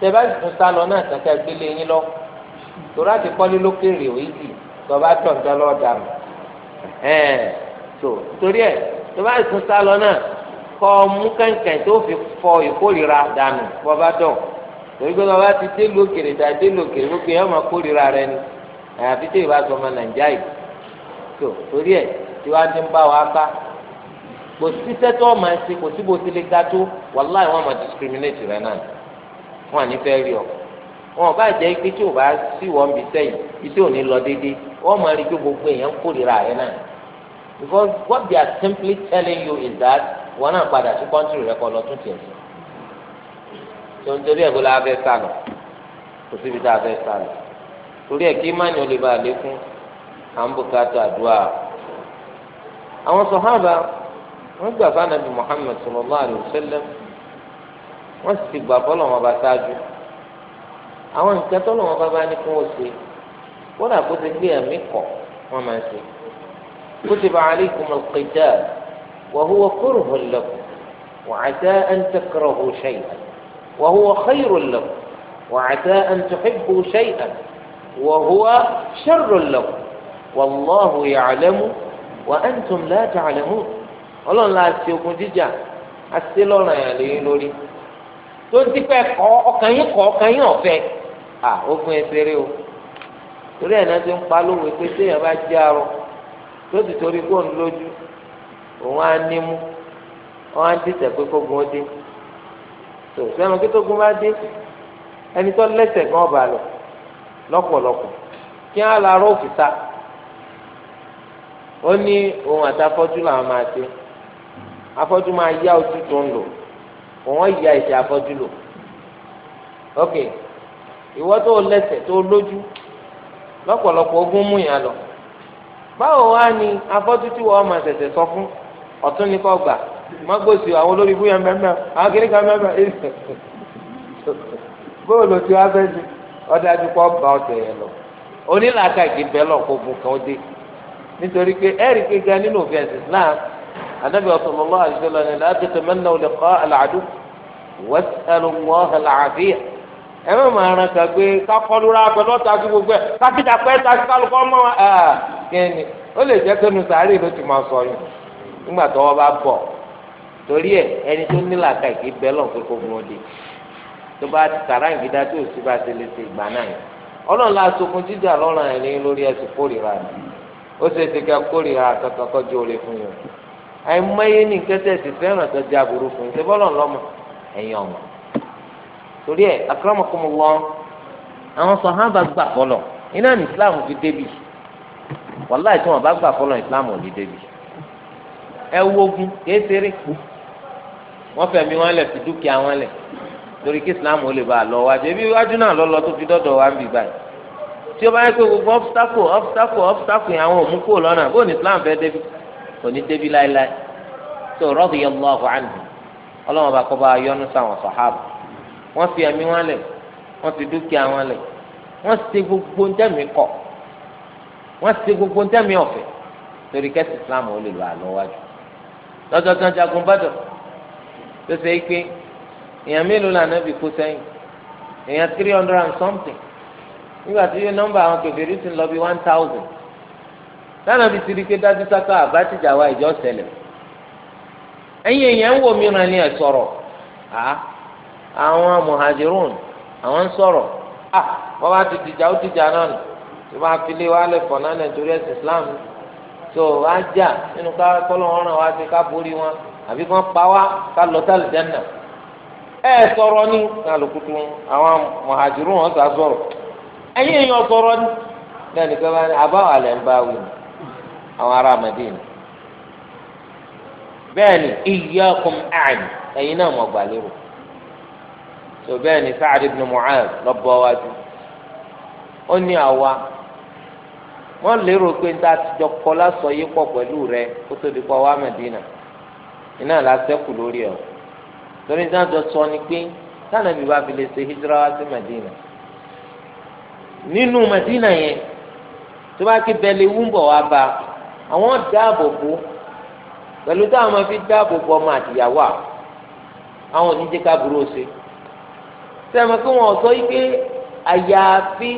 [SPEAKER 2] tẹ bá tún sá lọ náà kankan gbélé yín lọ torí àti kọ́lé lókèrè òyìnbí tó bá tọ̀ ń tọ́lọ́ dànù ẹ̀ẹ́n tó torí ẹ̀ tó bá tún sá lọ náà kọ́ mú kẹ̀kẹ́ tó fi fọ ìkórìíra dànù bọ́ bá dọ̀ torí pé bàbá ti dé lu òkèrè tàbí dé lu gbogbo yẹn ọmọ kórìíra rẹ ni àyàfi tó ìbá tiwájú ń wa ká kò sí sẹ́tọ́ ọmọ ẹsẹ̀ kò sí bó ti ga tó wàláì wọn máa discriminate rẹ náà wọn ní fẹ́ rí ọ wọn bá jẹ́ pé tí o bá sí wọn bí sẹ́yìn ò ní lọ déédéé rí pé gbogbo èèyàn kórìíra rẹ náà what they are simply telling you is that wọn náà padà sí country rẹ kọ lọ tún tiẹ̀ sí tó ń torí ẹ̀ bó la kò síbi tá àwọn sọ̀hábà wọ́n gbà fún anabi muhammed sallallahu alayhi wa sallam wọ́n sì gbà fọ́lọ́ wọn bá ṣáájú àwọn nǹkan tọ́lọ̀ wọn bá bá ní kí wọ́n ṣe kódà kó ti gbé ẹ̀mí kọ̀ wọ́n máa ṣe kutiba alaykum al-qital wa huwa kurhun lakum wa asa an takrahu shay'an wa huwa khayrun lakum wa asa an tuhibbu shay'an wa huwa sharrun lakum wallahu ya'lamu wa antum la ta'lamun ọlọ́run la ṣe ogun jíjà a ṣe lọ́rùn àyàn lẹ́yìn lórí tó ń tipẹ́ kọ́ ọkàn yín kọ́ ọkàn yín ọ̀fẹ́ à ogun ẹsẹ̀rẹ́ o torí ẹ̀ náà ti ń pa lówe pé téèyàn bá jẹ́ arọ tó ti torí kó ń lójú òun á nímú òun á dìtẹ̀ pé kó gun ó dé tó sẹ́nu pé tó gun bá dé ẹni tó lẹ́sẹ̀ gan ọba lọ lọ́pọ̀lọpọ̀ kí á la rọ́ òfìta ó ní òun àti afọ́jú làwọn máa ṣe afọ́jú máa yá ojú tó ń lò òun yá ìṣe afọ́jú lò ok ìwọ tó lẹ́sẹ̀ tó lójú lọ́pọ̀lọpọ̀ ogún mú yàn lọ báwo wá ni afọ́jú tí wọ́n máa ṣẹ̀ṣẹ̀ sọ fún ọ̀tún ní kọ́ gbà mọ́gbòsì àwọn olórí ibú yẹn mẹ́mẹ́ àwọn kìnnì kan mẹ́mẹ́ ẹ̀sẹ̀ bóòlù tí wọ́n fẹ́ ṣe ọ̀dájú kọ́ bá ọ̀tẹ̀ yẹn lọ onílàákàkì bẹ́ẹ̀ kó gun kan dé nítorí pé ẹ̀rí gbéga nínú òfin ẹ̀sìn Islam anábì sallallahu alaihi wasallam ni la tatamannaw liqa al-adu was'alu Allah al-'afiyah ẹ má máa ran kà pé kakọlura pẹ̀lú ọ̀tá sí gbogbo ẹ̀ kákìtà pẹ́ ta sí kálukọ́ mọ́ ẹ̀ kíni ó lè jẹ́ kẹ́nu sàárè ló ti máa sọ yìí nígbà tó wọ́n bá bọ̀ torí ẹ̀ ẹni tó ní làákà ìké bẹ́ẹ̀ lọ́n pé kó gun tó bá sàrà ìgbìdá tó sì bá ṣe lè ṣe ìgbà náà yìí ọlọ́run sokun jíjà lọ́rùn ẹ̀ lórí ẹ̀sìn kórìíra rẹ̀ ó ṣe ti ká kórìíra kankan kọjú orí fún yín àìmọye ní kẹsẹ̀ ti fẹ́ràn tó jẹ́ aburú fún yín ṣe bọ́lọ̀ lọ́mọ ẹ̀yìn ọ̀mọ torí ẹ̀ akramakumullah àwọn sàhábà gbà fọlọ̀ iná ní islam fi débi wàláì tí wọn bá gbà fọlọ̀ islam ò ní débi ẹ wogun kìí ṣeré wọn fẹ̀mí wọn lẹ̀ fi dúkìá wọn lẹ̀ torí kí islam ó lè bá a lọ wájú ebi wájú náà lọ lọ tó fi dọdọ wa ń bì báyìí tí ó bá yẹ pé gbogbo obstacle obstacle obstacle yẹn àwọn òmùkú lọ́nà bó ní islam fẹ́ débi kò ní débi láéláé tó radiyallahu anhu ọlọ́wọ́n bá kọ́ bá yọ́nú sáwọn sàhábà wọ́n fi ẹ̀mí wọn lẹ̀ wọ́n fi dúkìá wọn lẹ̀ wọ́n ṣe gbogbo ntẹ́mi kọ̀ wọ́n ṣe gbogbo ntẹ́mi ọ̀fẹ́ torí kẹ́sì islam ó lè lọ àlọ́wájú lọ́jọ́ tán jagun bàdàn nígbà tí yóò nọ́mbà àwọn kèfèrí ti ń lọ bí one thousand lánàá fi tiri pé dájú sáká àbátìjà wa ìjọ ṣẹlẹ̀ ẹ̀yin èèyàn ń wò mìíràn ni ẹ sọ̀rọ̀ à àwọn muhajirun àwọn ń sọ̀rọ̀ à wọn bá ti dìjà ó dìjà náà nù tó bá filé wa lè fọ náà nàìjíríà ẹsẹ islam tó wá jà nínú ká kọ́lọ́ wọn ràn wá sí ká borí wọn àbí kí wọ́n pa wá ká lọ sí àlùjánnà ẹ sọ̀rọ̀ ní kálukú tó àwọn muhajirun wọn sà sọ̀rọ̀. ẹ̀yin èèyàn sọ̀rọ̀ ni náà nìkan bá ní àbáwọ̀ alẹ́ ń bá wí ni àwọn ará Madina bẹ́ẹ̀ ni iyyakum a'ni ẹ̀yin náà mọ̀ gbà tó bẹ́ẹ̀ ni Sa'ad ibn Mu'adh lọ́bọ̀ wájú ó ní àwa wọ́n lérò pé níta àtijọ́ kọ́ lásọ yí rẹ kó tó di pọ̀ wá Madina iná làásẹ̀kù lórí torí jọ sọ ni pé sáà nàbí bá fi lè nínú Madina yẹn tó bá ké bẹ́ẹ̀ lè wúńbọ̀ wá bá àwọn dáàbò bò pẹ̀lú táwọn máa fi dáàbò bò ọmọ àtìyàwó àwọn oníjẹ́ káàbùrò ṣe sẹ́mi pé wọ́n sọ pé àyàfi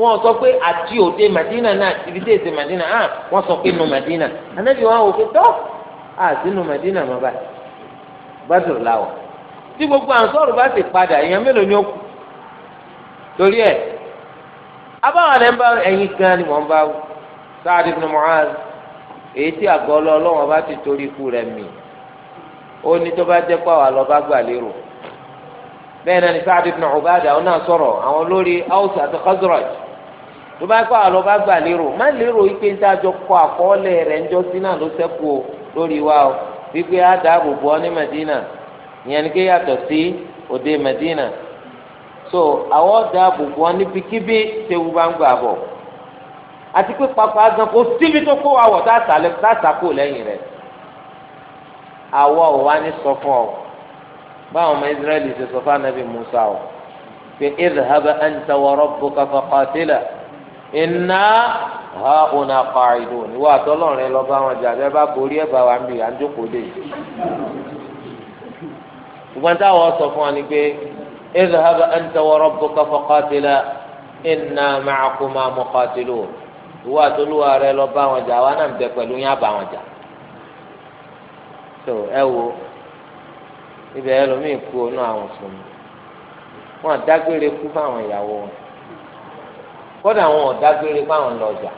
[SPEAKER 2] wọ́n sọ pé àti òde Madina náà ibi tí èsè Madina ah, hàn wọ́n sọ pé nu Madina anábì wọn ò fi tọ́ àti nu Madina mọ́ báyìí bá dùrù láwọ̀ tí gbogbo àǹsọ̀rù bá ti padà èèyàn mélòó ni ó kù. torí ẹ̀ abáwọn ẹ̀ bá ẹ̀yin gan ni wọ́n bá wù Sa'ad èyí bá ti torí ikú rẹ̀ mì ó ní tó bá jẹ́ alọba àlọ́ bá gbà lérò ni Sa'ad ibn Ubadah ọ̀nà sọ̀rọ̀ àwọn olórí Aws àti Khazraj tó bá bá gbà lérò má lérò yìí pé kọ àkọọ́lẹ̀ rẹ̀ ń jọ sí náà o lórí wa o á dáàbò Madina ìyẹn ni Madina so àwọn ọ̀dà àbùkù wọn níbi kíbi tẹ́wù bá ń gbà bọ̀ àti pé pàpà gan kò síbi tó kó àwọ̀ tàṣàkó lẹ́yìn rẹ̀ àwọ̀ ò wá ní sọ fún ọ báwọn ọmọ Israẹli ṣe sọ fún anabi Musa o pé idhaba anta wa rabbuka faqatila inna hauna qa'idun ìwọ àtọ́lọ́rin lọ bá wọn jà bẹ́ẹ̀ bá gorí ẹ̀ bá wa ń bì à dé ṣùgbọ́n táwọn sọ fún wa ni pé. اذهب أنت وربك فقاتلا إنا معكما مقاتلون ìwọ àtolúwa rẹ lọ bá wọn jà wa náà ń bẹ pẹ̀lú yín àbá wọn jà tó ẹ wo ibẹ̀ ẹlòmíì kú ọnà àwọn sùnmù wọn àdágbére kú fáwọn ìyàwó wọn kódà wọn dágbére fáwọn lọ́jà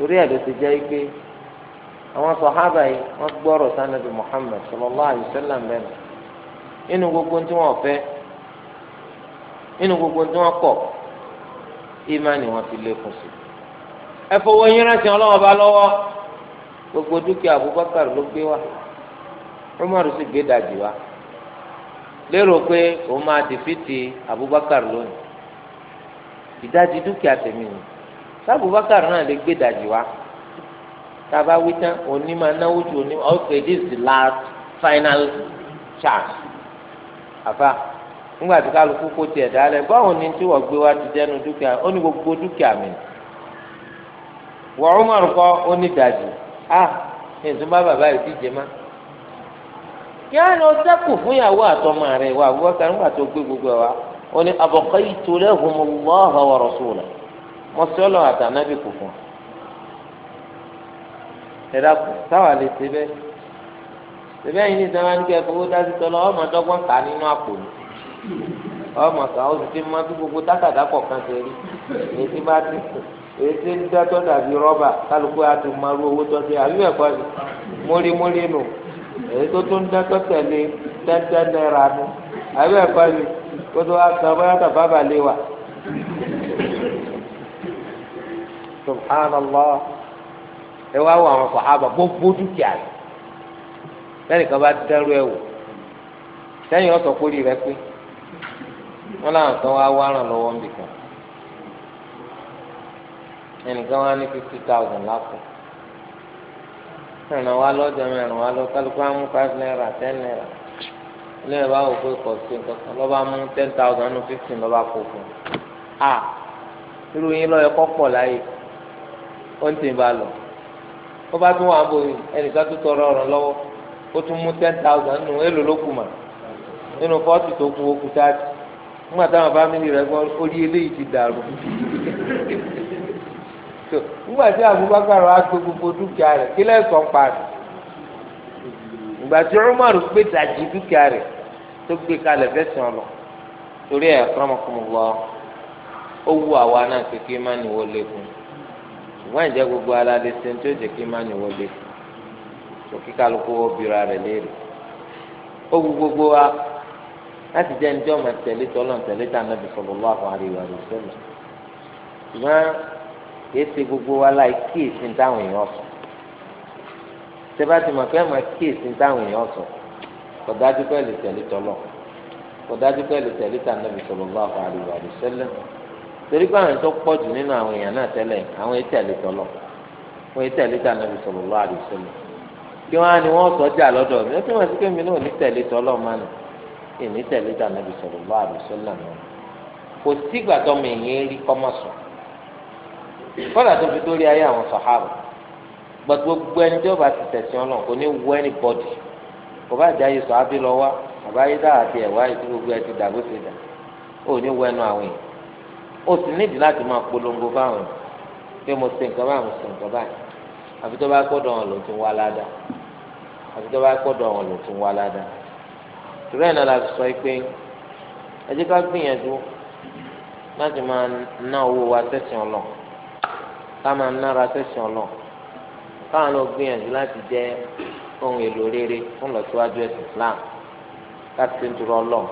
[SPEAKER 2] àwọn àwọn sọ̀hábà yìí wọ́n gbọ́rọ̀ sanabi Muhammad sallallahu alaihi mẹ́rin inu gbogbo tí wọ́n fẹ́ gbogbo tí wọ́n kọ̀ wọn fi lékun sí. ẹ fowó yín rántí bá gbogbo dúkìá Abubakar ló gbé wá Umar sì gbé dàjì lérò pé òun Abubakar lónìí dúkìá tèmi ni náà lè gbé dàjì taba wí tán òní náwó ju okay this is the last final chance afa nígbà tí kálukú kó tiẹ̀ dálẹ̀ báwo ni tí wọ́n gbé ti dẹnu dúkìá ó gbogbo dúkìá mi wọ́n Umar kọ́ ó ah ní bàbá yìí ti má ni ó dẹ́kun fún ìyàwó àtọmọ rẹ̀ wà wọ́n kan tó wa àtànábì kò ẹ̀dá kù táwa lè ṣe bẹ́ẹ̀ ṣẹbẹ́ yìí ní sẹ́wọ́n ní kẹ́kọ̀ọ́ owó dá sí tọ́lọ́ ọmọ dọ́gbọ́n ta nínú àpò ni ọmọ kan ó sì ti mọ bí gbogbo tákàdá kọ̀ọ̀kan ṣe rí èyí tí bá ti sùn èyí tí ń dátọ́ dàbí rọ́bà kálukú á ti máa rú owó tọ́ sí àbí ẹ̀kọ́ ni mórímórí nù èyí tó tún dátọ́ tẹ̀lé tẹ́tẹ́ náírà nù àbí ẹ̀kọ́ ni kó tó wá san bóyá tàbá bà lé wa. subhanallah ẹ wá wọ àwọn sàhábà gbogbo dúkìá rẹ̀ lẹ́yìn kan bá dẹ́rù ẹ̀ wò sẹ́yìn ọ̀sọ̀ kórìí rẹ pé wọ́n láwọn kan wá wá ràn lọ́wọ́ níbi kan ẹnìkan wá ní fifty thousand lápò ẹ̀ràn wá lọ́jọ́ mẹ́rin wá lọ kálukú á mú five naira ten naira lẹ́yìn bá wò pé kò sí nǹkan kan lọ́ba mú ten thousand nínú fifteen lọ́ba kó fún un a irú yín lọ́yọ̀ kọ́ pọ̀ láyè ó ń tì bá lọ wọ́n bá tún wà ń bò yìí ẹnìkan tó tọrọ ọ̀rọ̀ lọ́wọ́ ó tún mú ten thousand nù èlò ló kù mà nínú fọ́ọ̀tì tó kù okùn táàtì nígbà táwọn fámìlì rẹ̀ gbọ́ orí eléyìí ti dàrú nígbà tí Abubakar wa gbé gbogbo dúkìá rẹ̀ kílẹ̀ sọ̀ ń parí ìgbà tí Umar gbé dàjì dúkìá rẹ̀ tó gbé kalẹ̀ fẹsẹ̀ ọ̀lọ̀ torí ẹ̀ kọ́mọkọ́mọ lọ ó wù àwa náà kékeré má nìwọ lẹ́kùn ṣùgbọ́n ìjẹ́ gbogbo ala ṣe tí jẹ́ kí má nyọ̀wọ́ lé tó kí kálukú wọ́n bira rẹ̀ léèrè ó wu gbogbo wa láti jẹ́ ní ọmọ tẹ̀lé tọ́lọ̀ tẹ̀lé tànà bí sallallahu alaihi wa sallam ṣùgbọ́n ṣe gbogbo wa láì kíyèsí táwọn èèyàn sọ tẹ́bátì mọ̀ fẹ́ máa kíyèsí táwọn èèyàn sọ kò dájú tẹ̀lé tọ́lọ̀ kò dájú tẹ̀lé tànà bí torí pé àwọn tó pọ̀ jù nínú àwọn èèyàn náà tẹ́lẹ̀ àwọn ètò àlejò lọ fún ètò àlejò ànábì sallallahu alaihi wasallam kí wọ́n á ní wọ́n sọ́jà lọ́dọ̀ mi ó túmọ̀ sí pé mi náà ní tẹ̀lé tọ́lọ́ mánu èmi tẹ̀lé tà nàbì sallallahu alaihi wasallam náà kò sígbà tó mi yẹn rí kọ́mọ̀ sùn kọ́dà tó fi dórí ayé àwọn sàhábà gbàtú gbogbo ẹni tí ó bá ti tẹ̀sí ọ náà kò ní wọ ẹni bọ́dì kò bá jẹ́ ayé sọ ábí lọ wá àbáyé dáhà ti ẹ̀wá o sì nídìí láti máa polongo fáwọn pé mo ṣe nǹkan báyìí mo ṣe nǹkan báyìí àfi tó bá gbọ́dọ̀ wọn ló ti wá ládàá àfi tó bá gbọ́dọ̀ wọn ló ti wá ládàá torí ẹ̀ náà la sọ pé ẹ jẹ́ ká gbìyànjú láti máa ná owó wa sẹ́sìn ọlọ́ ká máa nára sẹ́sìn ọlọ́ káwọn náà gbìyànjú láti jẹ́ ohun èlò rere fún lọ́síwájú ẹ̀sìn Islam ká ti ń torí ọlọ́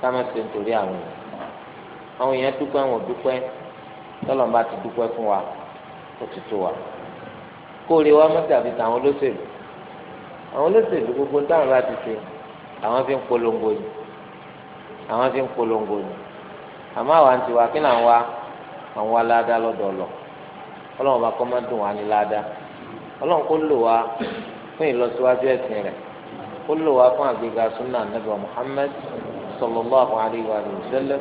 [SPEAKER 2] ká má ti ń torí àwọn èèyàn àwọn èèyàn dúpẹ́ wọn ò dúpẹ́ tọ́lọ̀ bá ti dúpẹ́ fún wa ó ti tó wa kóore wa mọ́ tàbí tàwọn olóṣèlú àwọn olóṣèlú gbogbo táwọn bá ti ṣe àwọn fi ń polongo ni àwọn fi ń polongo ni àmọ́ àwa ń tiwa kí náà wá àwọn wa ládàá lọ́dọ̀ lọ ọlọ́run bá kọ́ máa dùn wá ní ládàá ọlọ́run kó lò wá fún ìlọsíwájú ẹ̀sìn rẹ̀ kó lò wá fún àgbéga sunnah nabi muhammad sallallahu alayhi wa sallam.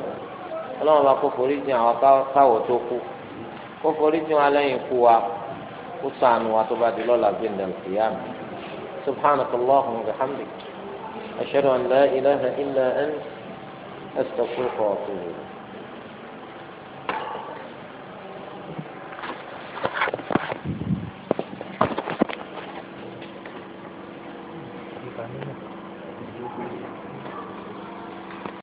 [SPEAKER 2] ọlọ́run bá kó forí jìn àwọn káwọ̀ tó kú kó forí jìn wa lẹ́yìn ikú wa kó sànù wa tó bá di lọ́la bí ndàlùkìyàmù subhanakallahu wa bihamdik ashhadu an la ilaha illa anta astaghfiruka wa atubu ilayk.